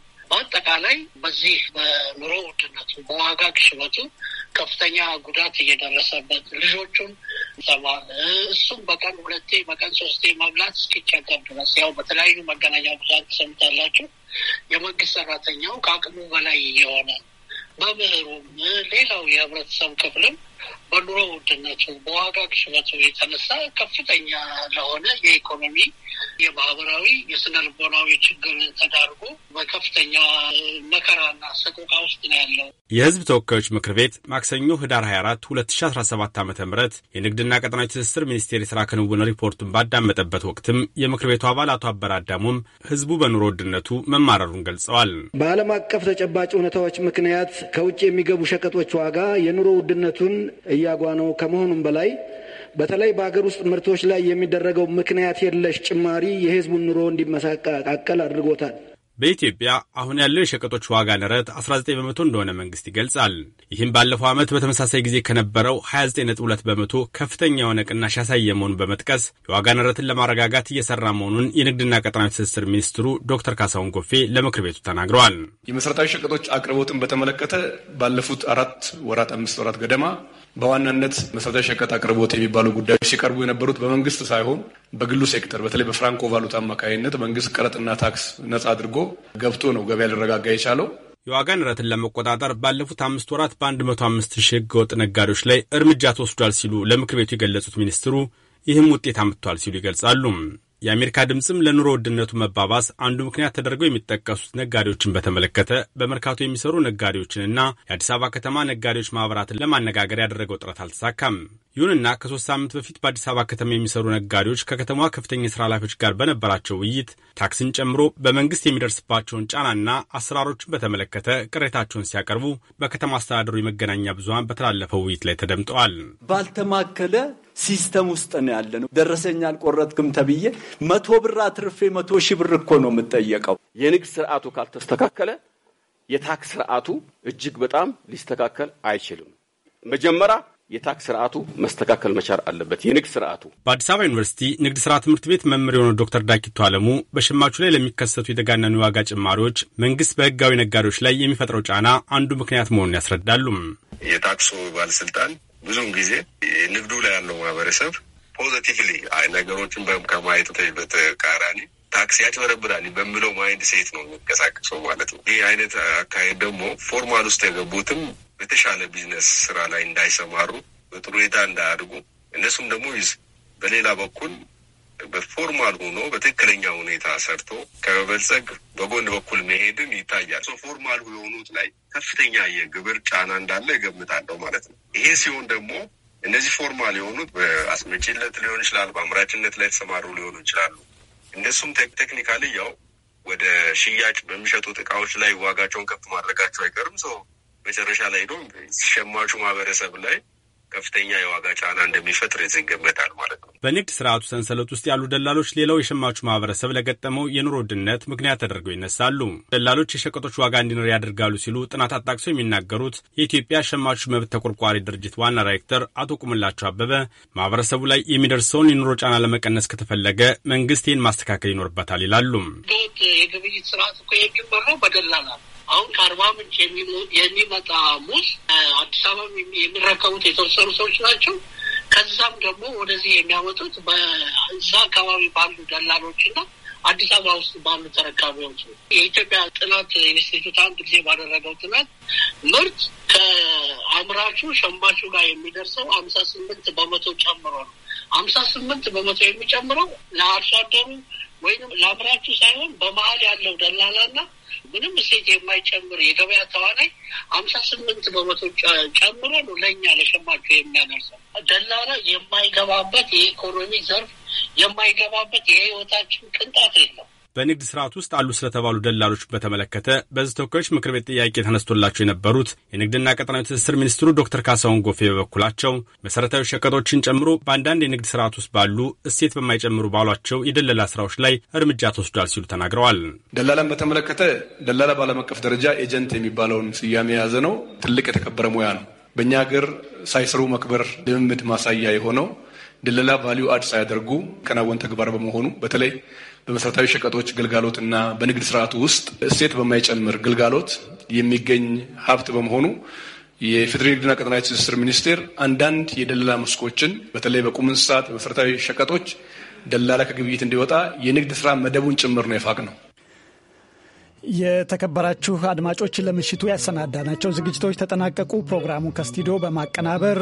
በአጠቃላይ በዚህ በኑሮ ውድነቱ በዋጋ ግሽበቱ ከፍተኛ ጉዳት እየደረሰበት ልጆቹን ሰማል እሱም በቀን ሁለቴ በቀን ሶስቴ መብላት እስኪቸገር ድረስ ያው በተለያዩ መገናኛ ብዙኃን ትሰምታላችሁ። የመንግስት ሰራተኛው ከአቅሙ በላይ እየሆነ በምህሩም ሌላው የህብረተሰብ ክፍልም በኑሮ ውድነቱ በዋጋ ግሽበቱ የተነሳ ከፍተኛ ለሆነ የኢኮኖሚ የማህበራዊ፣ የስነ ልቦናዊ ችግር ተዳርጎ በከፍተኛ መከራና ሰቆቃ ውስጥ ነው ያለው። የህዝብ ተወካዮች ምክር ቤት ማክሰኞ ህዳር 24 2017 ዓ ም የንግድና ቀጠናዊ ትስስር ሚኒስቴር የስራ ክንውን ሪፖርቱን ባዳመጠበት ወቅትም የምክር ቤቱ አባል አቶ አበራዳሙም ህዝቡ በኑሮ ውድነቱ መማረሩን ገልጸዋል። በዓለም አቀፍ ተጨባጭ እውነታዎች ምክንያት ከውጭ የሚገቡ ሸቀጦች ዋጋ የኑሮ ውድነቱን እያጓነው ከመሆኑም በላይ በተለይ በሀገር ውስጥ ምርቶች ላይ የሚደረገው ምክንያት የለሽ ጭማሪ የህዝቡን ኑሮ እንዲመሳቀቃቀል አድርጎታል። በኢትዮጵያ አሁን ያለው የሸቀጦች ዋጋ ንረት 19 በመቶ እንደሆነ መንግስት ይገልጻል። ይህም ባለፈው ዓመት በተመሳሳይ ጊዜ ከነበረው 29.2 በመቶ ከፍተኛ የሆነ ቅናሽ ያሳየ መሆኑን በመጥቀስ የዋጋ ንረትን ለማረጋጋት እየሰራ መሆኑን የንግድና ቀጠናዊ ትስስር ሚኒስትሩ ዶክተር ካሳሁን ጎፌ ለምክር ቤቱ ተናግረዋል። የመሠረታዊ ሸቀጦች አቅርቦትን በተመለከተ ባለፉት አራት ወራት አምስት ወራት ገደማ በዋናነት መሰረታዊ ሸቀጥ አቅርቦት የሚባሉ ጉዳዮች ሲቀርቡ የነበሩት በመንግስት ሳይሆን በግሉ ሴክተር በተለይ በፍራንኮ ቫሉታ አማካኝነት መንግስት ቀረጥና ታክስ ነጻ አድርጎ ገብቶ ነው ገበያ ሊረጋጋ የቻለው። የዋጋ ንረትን ለመቆጣጠር ባለፉት አምስት ወራት በ105 ሺህ ህገወጥ ነጋዴዎች ላይ እርምጃ ተወስዷል ሲሉ ለምክር ቤቱ የገለጹት ሚኒስትሩ ይህም ውጤት አምጥቷል ሲሉ ይገልጻሉ። የአሜሪካ ድምፅም ለኑሮ ውድነቱ መባባስ አንዱ ምክንያት ተደርገው የሚጠቀሱት ነጋዴዎችን በተመለከተ በመርካቶ የሚሰሩ ነጋዴዎችንና የአዲስ አበባ ከተማ ነጋዴዎች ማህበራትን ለማነጋገር ያደረገው ጥረት አልተሳካም። ይሁንና ከሶስት ሳምንት በፊት በአዲስ አበባ ከተማ የሚሰሩ ነጋዴዎች ከከተማዋ ከፍተኛ የስራ ኃላፊዎች ጋር በነበራቸው ውይይት ታክሲን ጨምሮ በመንግስት የሚደርስባቸውን ጫናና አሰራሮችን በተመለከተ ቅሬታቸውን ሲያቀርቡ በከተማ አስተዳደሩ የመገናኛ ብዙሀን በተላለፈው ውይይት ላይ ተደምጠዋል። ባልተማከለ ሲስተም ውስጥ ነው ያለ ነው። ደረሰኝ አልቆረጥክም ተብዬ መቶ ብር አትርፌ መቶ ሺ ብር እኮ ነው የምጠየቀው። የንግድ ስርዓቱ ካልተስተካከለ የታክስ ስርዓቱ እጅግ በጣም ሊስተካከል አይችልም። መጀመሪያ የታክስ ስርዓቱ መስተካከል መቻል አለበት። የንግድ ስርዓቱ በአዲስ አበባ ዩኒቨርሲቲ ንግድ ስራ ትምህርት ቤት መምህር የሆነው ዶክተር ዳኪቶ አለሙ በሸማቹ ላይ ለሚከሰቱ የተጋነኑ የዋጋ ጭማሪዎች መንግስት በህጋዊ ነጋዴዎች ላይ የሚፈጥረው ጫና አንዱ ምክንያት መሆኑን ያስረዳሉም። የታክሱ ባለስልጣን ብዙም ጊዜ ንግዱ ላይ ያለው ማህበረሰብ ፖዘቲቭሊ ነገሮችን ከማየት በተቃራኒ ታክሲ ያጭበረብራል በሚለው ማይንድ ሴት ነው የሚንቀሳቀሰው ማለት ነው። ይህ አይነት አካሄድ ደግሞ ፎርማል ውስጥ የገቡትም በተሻለ ቢዝነስ ስራ ላይ እንዳይሰማሩ፣ በጥሩ ሁኔታ እንዳያድጉ እነሱም ደግሞ በሌላ በኩል በፎርማል ሆኖ በትክክለኛ ሁኔታ ሰርቶ ከመበልጸግ በጎን በኩል መሄድም ይታያል። ፎርማል የሆኑት ላይ ከፍተኛ የግብር ጫና እንዳለ እገምታለሁ ማለት ነው። ይሄ ሲሆን ደግሞ እነዚህ ፎርማል የሆኑት በአስመጪነት ሊሆን ይችላል፣ በአምራችነት ላይ የተሰማሩ ሊሆኑ ይችላሉ። እነሱም ቴክኒካል ያው ወደ ሽያጭ በሚሸጡት እቃዎች ላይ ዋጋቸውን ከፍ ማድረጋቸው አይቀርም። ሰው መጨረሻ ላይ ሄዶ ሸማቹ ማህበረሰብ ላይ ከፍተኛ የዋጋ ጫና እንደሚፈጥር ይገመታል ማለት ነው። በንግድ ስርዓቱ ሰንሰለት ውስጥ ያሉ ደላሎች ሌላው የሸማቹ ማህበረሰብ ለገጠመው የኑሮ ውድነት ምክንያት ተደርገው ይነሳሉ። ደላሎች የሸቀጦች ዋጋ እንዲኖር ያደርጋሉ ሲሉ ጥናት አጣቅሰው የሚናገሩት የኢትዮጵያ ሸማቹ መብት ተቆርቋሪ ድርጅት ዋና ዳይሬክተር አቶ ቁምላቸው አበበ ማህበረሰቡ ላይ የሚደርሰውን የኑሮ ጫና ለመቀነስ ከተፈለገ መንግስት ይህን ማስተካከል ይኖርበታል ይላሉ። የግብይት ስርዓት እኮ የሚመራው በደላላ አሁን ከአርባ ምንጭ የሚመጣ ሙዝ አዲስ አበባ የሚረከቡት የተወሰኑ ሰዎች ናቸው። ከዛም ደግሞ ወደዚህ የሚያመጡት በዛ አካባቢ ባሉ ደላሎች እና አዲስ አበባ ውስጥ ባሉ ተረካቢዎች የኢትዮጵያ ጥናት ኢንስቲትዩት አንድ ጊዜ ባደረገው ጥናት ምርት ከአምራቹ ሸማቹ ጋር የሚደርሰው አምሳ ስምንት በመቶ ጨምሮ ነው። አምሳ ስምንት በመቶ የሚጨምረው ለአርሶ አደሩ ወይም ለአምራቹ ሳይሆን በመሀል ያለው ደላላ ምንም እሴት የማይጨምር የገበያ ተዋናይ አምሳ ስምንት በመቶ ጨምሮ ነው ለእኛ ለሸማቸው የሚያደርሰው። ደላላ የማይገባበት የኢኮኖሚ ዘርፍ የማይገባበት የህይወታችን ቅንጣት የለም። በንግድ ስርዓት ውስጥ አሉ ስለተባሉ ደላሎች በተመለከተ በዚህ ተወካዮች ምክር ቤት ጥያቄ ተነስቶላቸው የነበሩት የንግድና ቀጠናዊ ትስስር ሚኒስትሩ ዶክተር ካሳሁን ጎፌ በበኩላቸው መሰረታዊ ሸቀጦችን ጨምሮ በአንዳንድ የንግድ ስርዓት ውስጥ ባሉ እሴት በማይጨምሩ ባሏቸው የደለላ ስራዎች ላይ እርምጃ ተወስዷል ሲሉ ተናግረዋል። ደላላን በተመለከተ ደላላ በዓለም አቀፍ ደረጃ ኤጀንት የሚባለውን ስያሜ የያዘ ነው። ትልቅ የተከበረ ሙያ ነው። በእኛ ሀገር ሳይሰሩ መክበር ልምምድ ማሳያ የሆነው ደለላ ቫሊዩ አድ ሳያደርጉ ከናወን ተግባር በመሆኑ በተለይ በመሰረታዊ ሸቀጦች ግልጋሎት እና በንግድ ስርዓቱ ውስጥ እሴት በማይጨምር ግልጋሎት የሚገኝ ሀብት በመሆኑ የፌዴራል ንግድና ቀጠናዊ ትስስር ሚኒስቴር አንዳንድ የደላላ መስኮችን በተለይ በቁም እንስሳት፣ በመሰረታዊ ሸቀጦች ደላላ ከግብይት እንዲወጣ የንግድ ስራ መደቡን ጭምር ነው የፋቅ ነው። የተከበራችሁ አድማጮች ለምሽቱ ያሰናዳናቸው ዝግጅቶች ተጠናቀቁ። ፕሮግራሙን ከስቱዲዮ በማቀናበር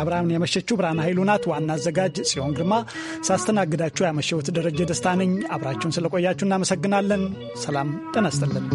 አብራን ያመሸችው ብርሃን ኃይሉ ናት። ዋና አዘጋጅ ጽዮን ግርማ፣ ሳስተናግዳችሁ ያመሸሁት ደረጀ ደስታ ነኝ። አብራችሁን ስለቆያችሁ እናመሰግናለን። ሰላም ጤና ይስጥልን።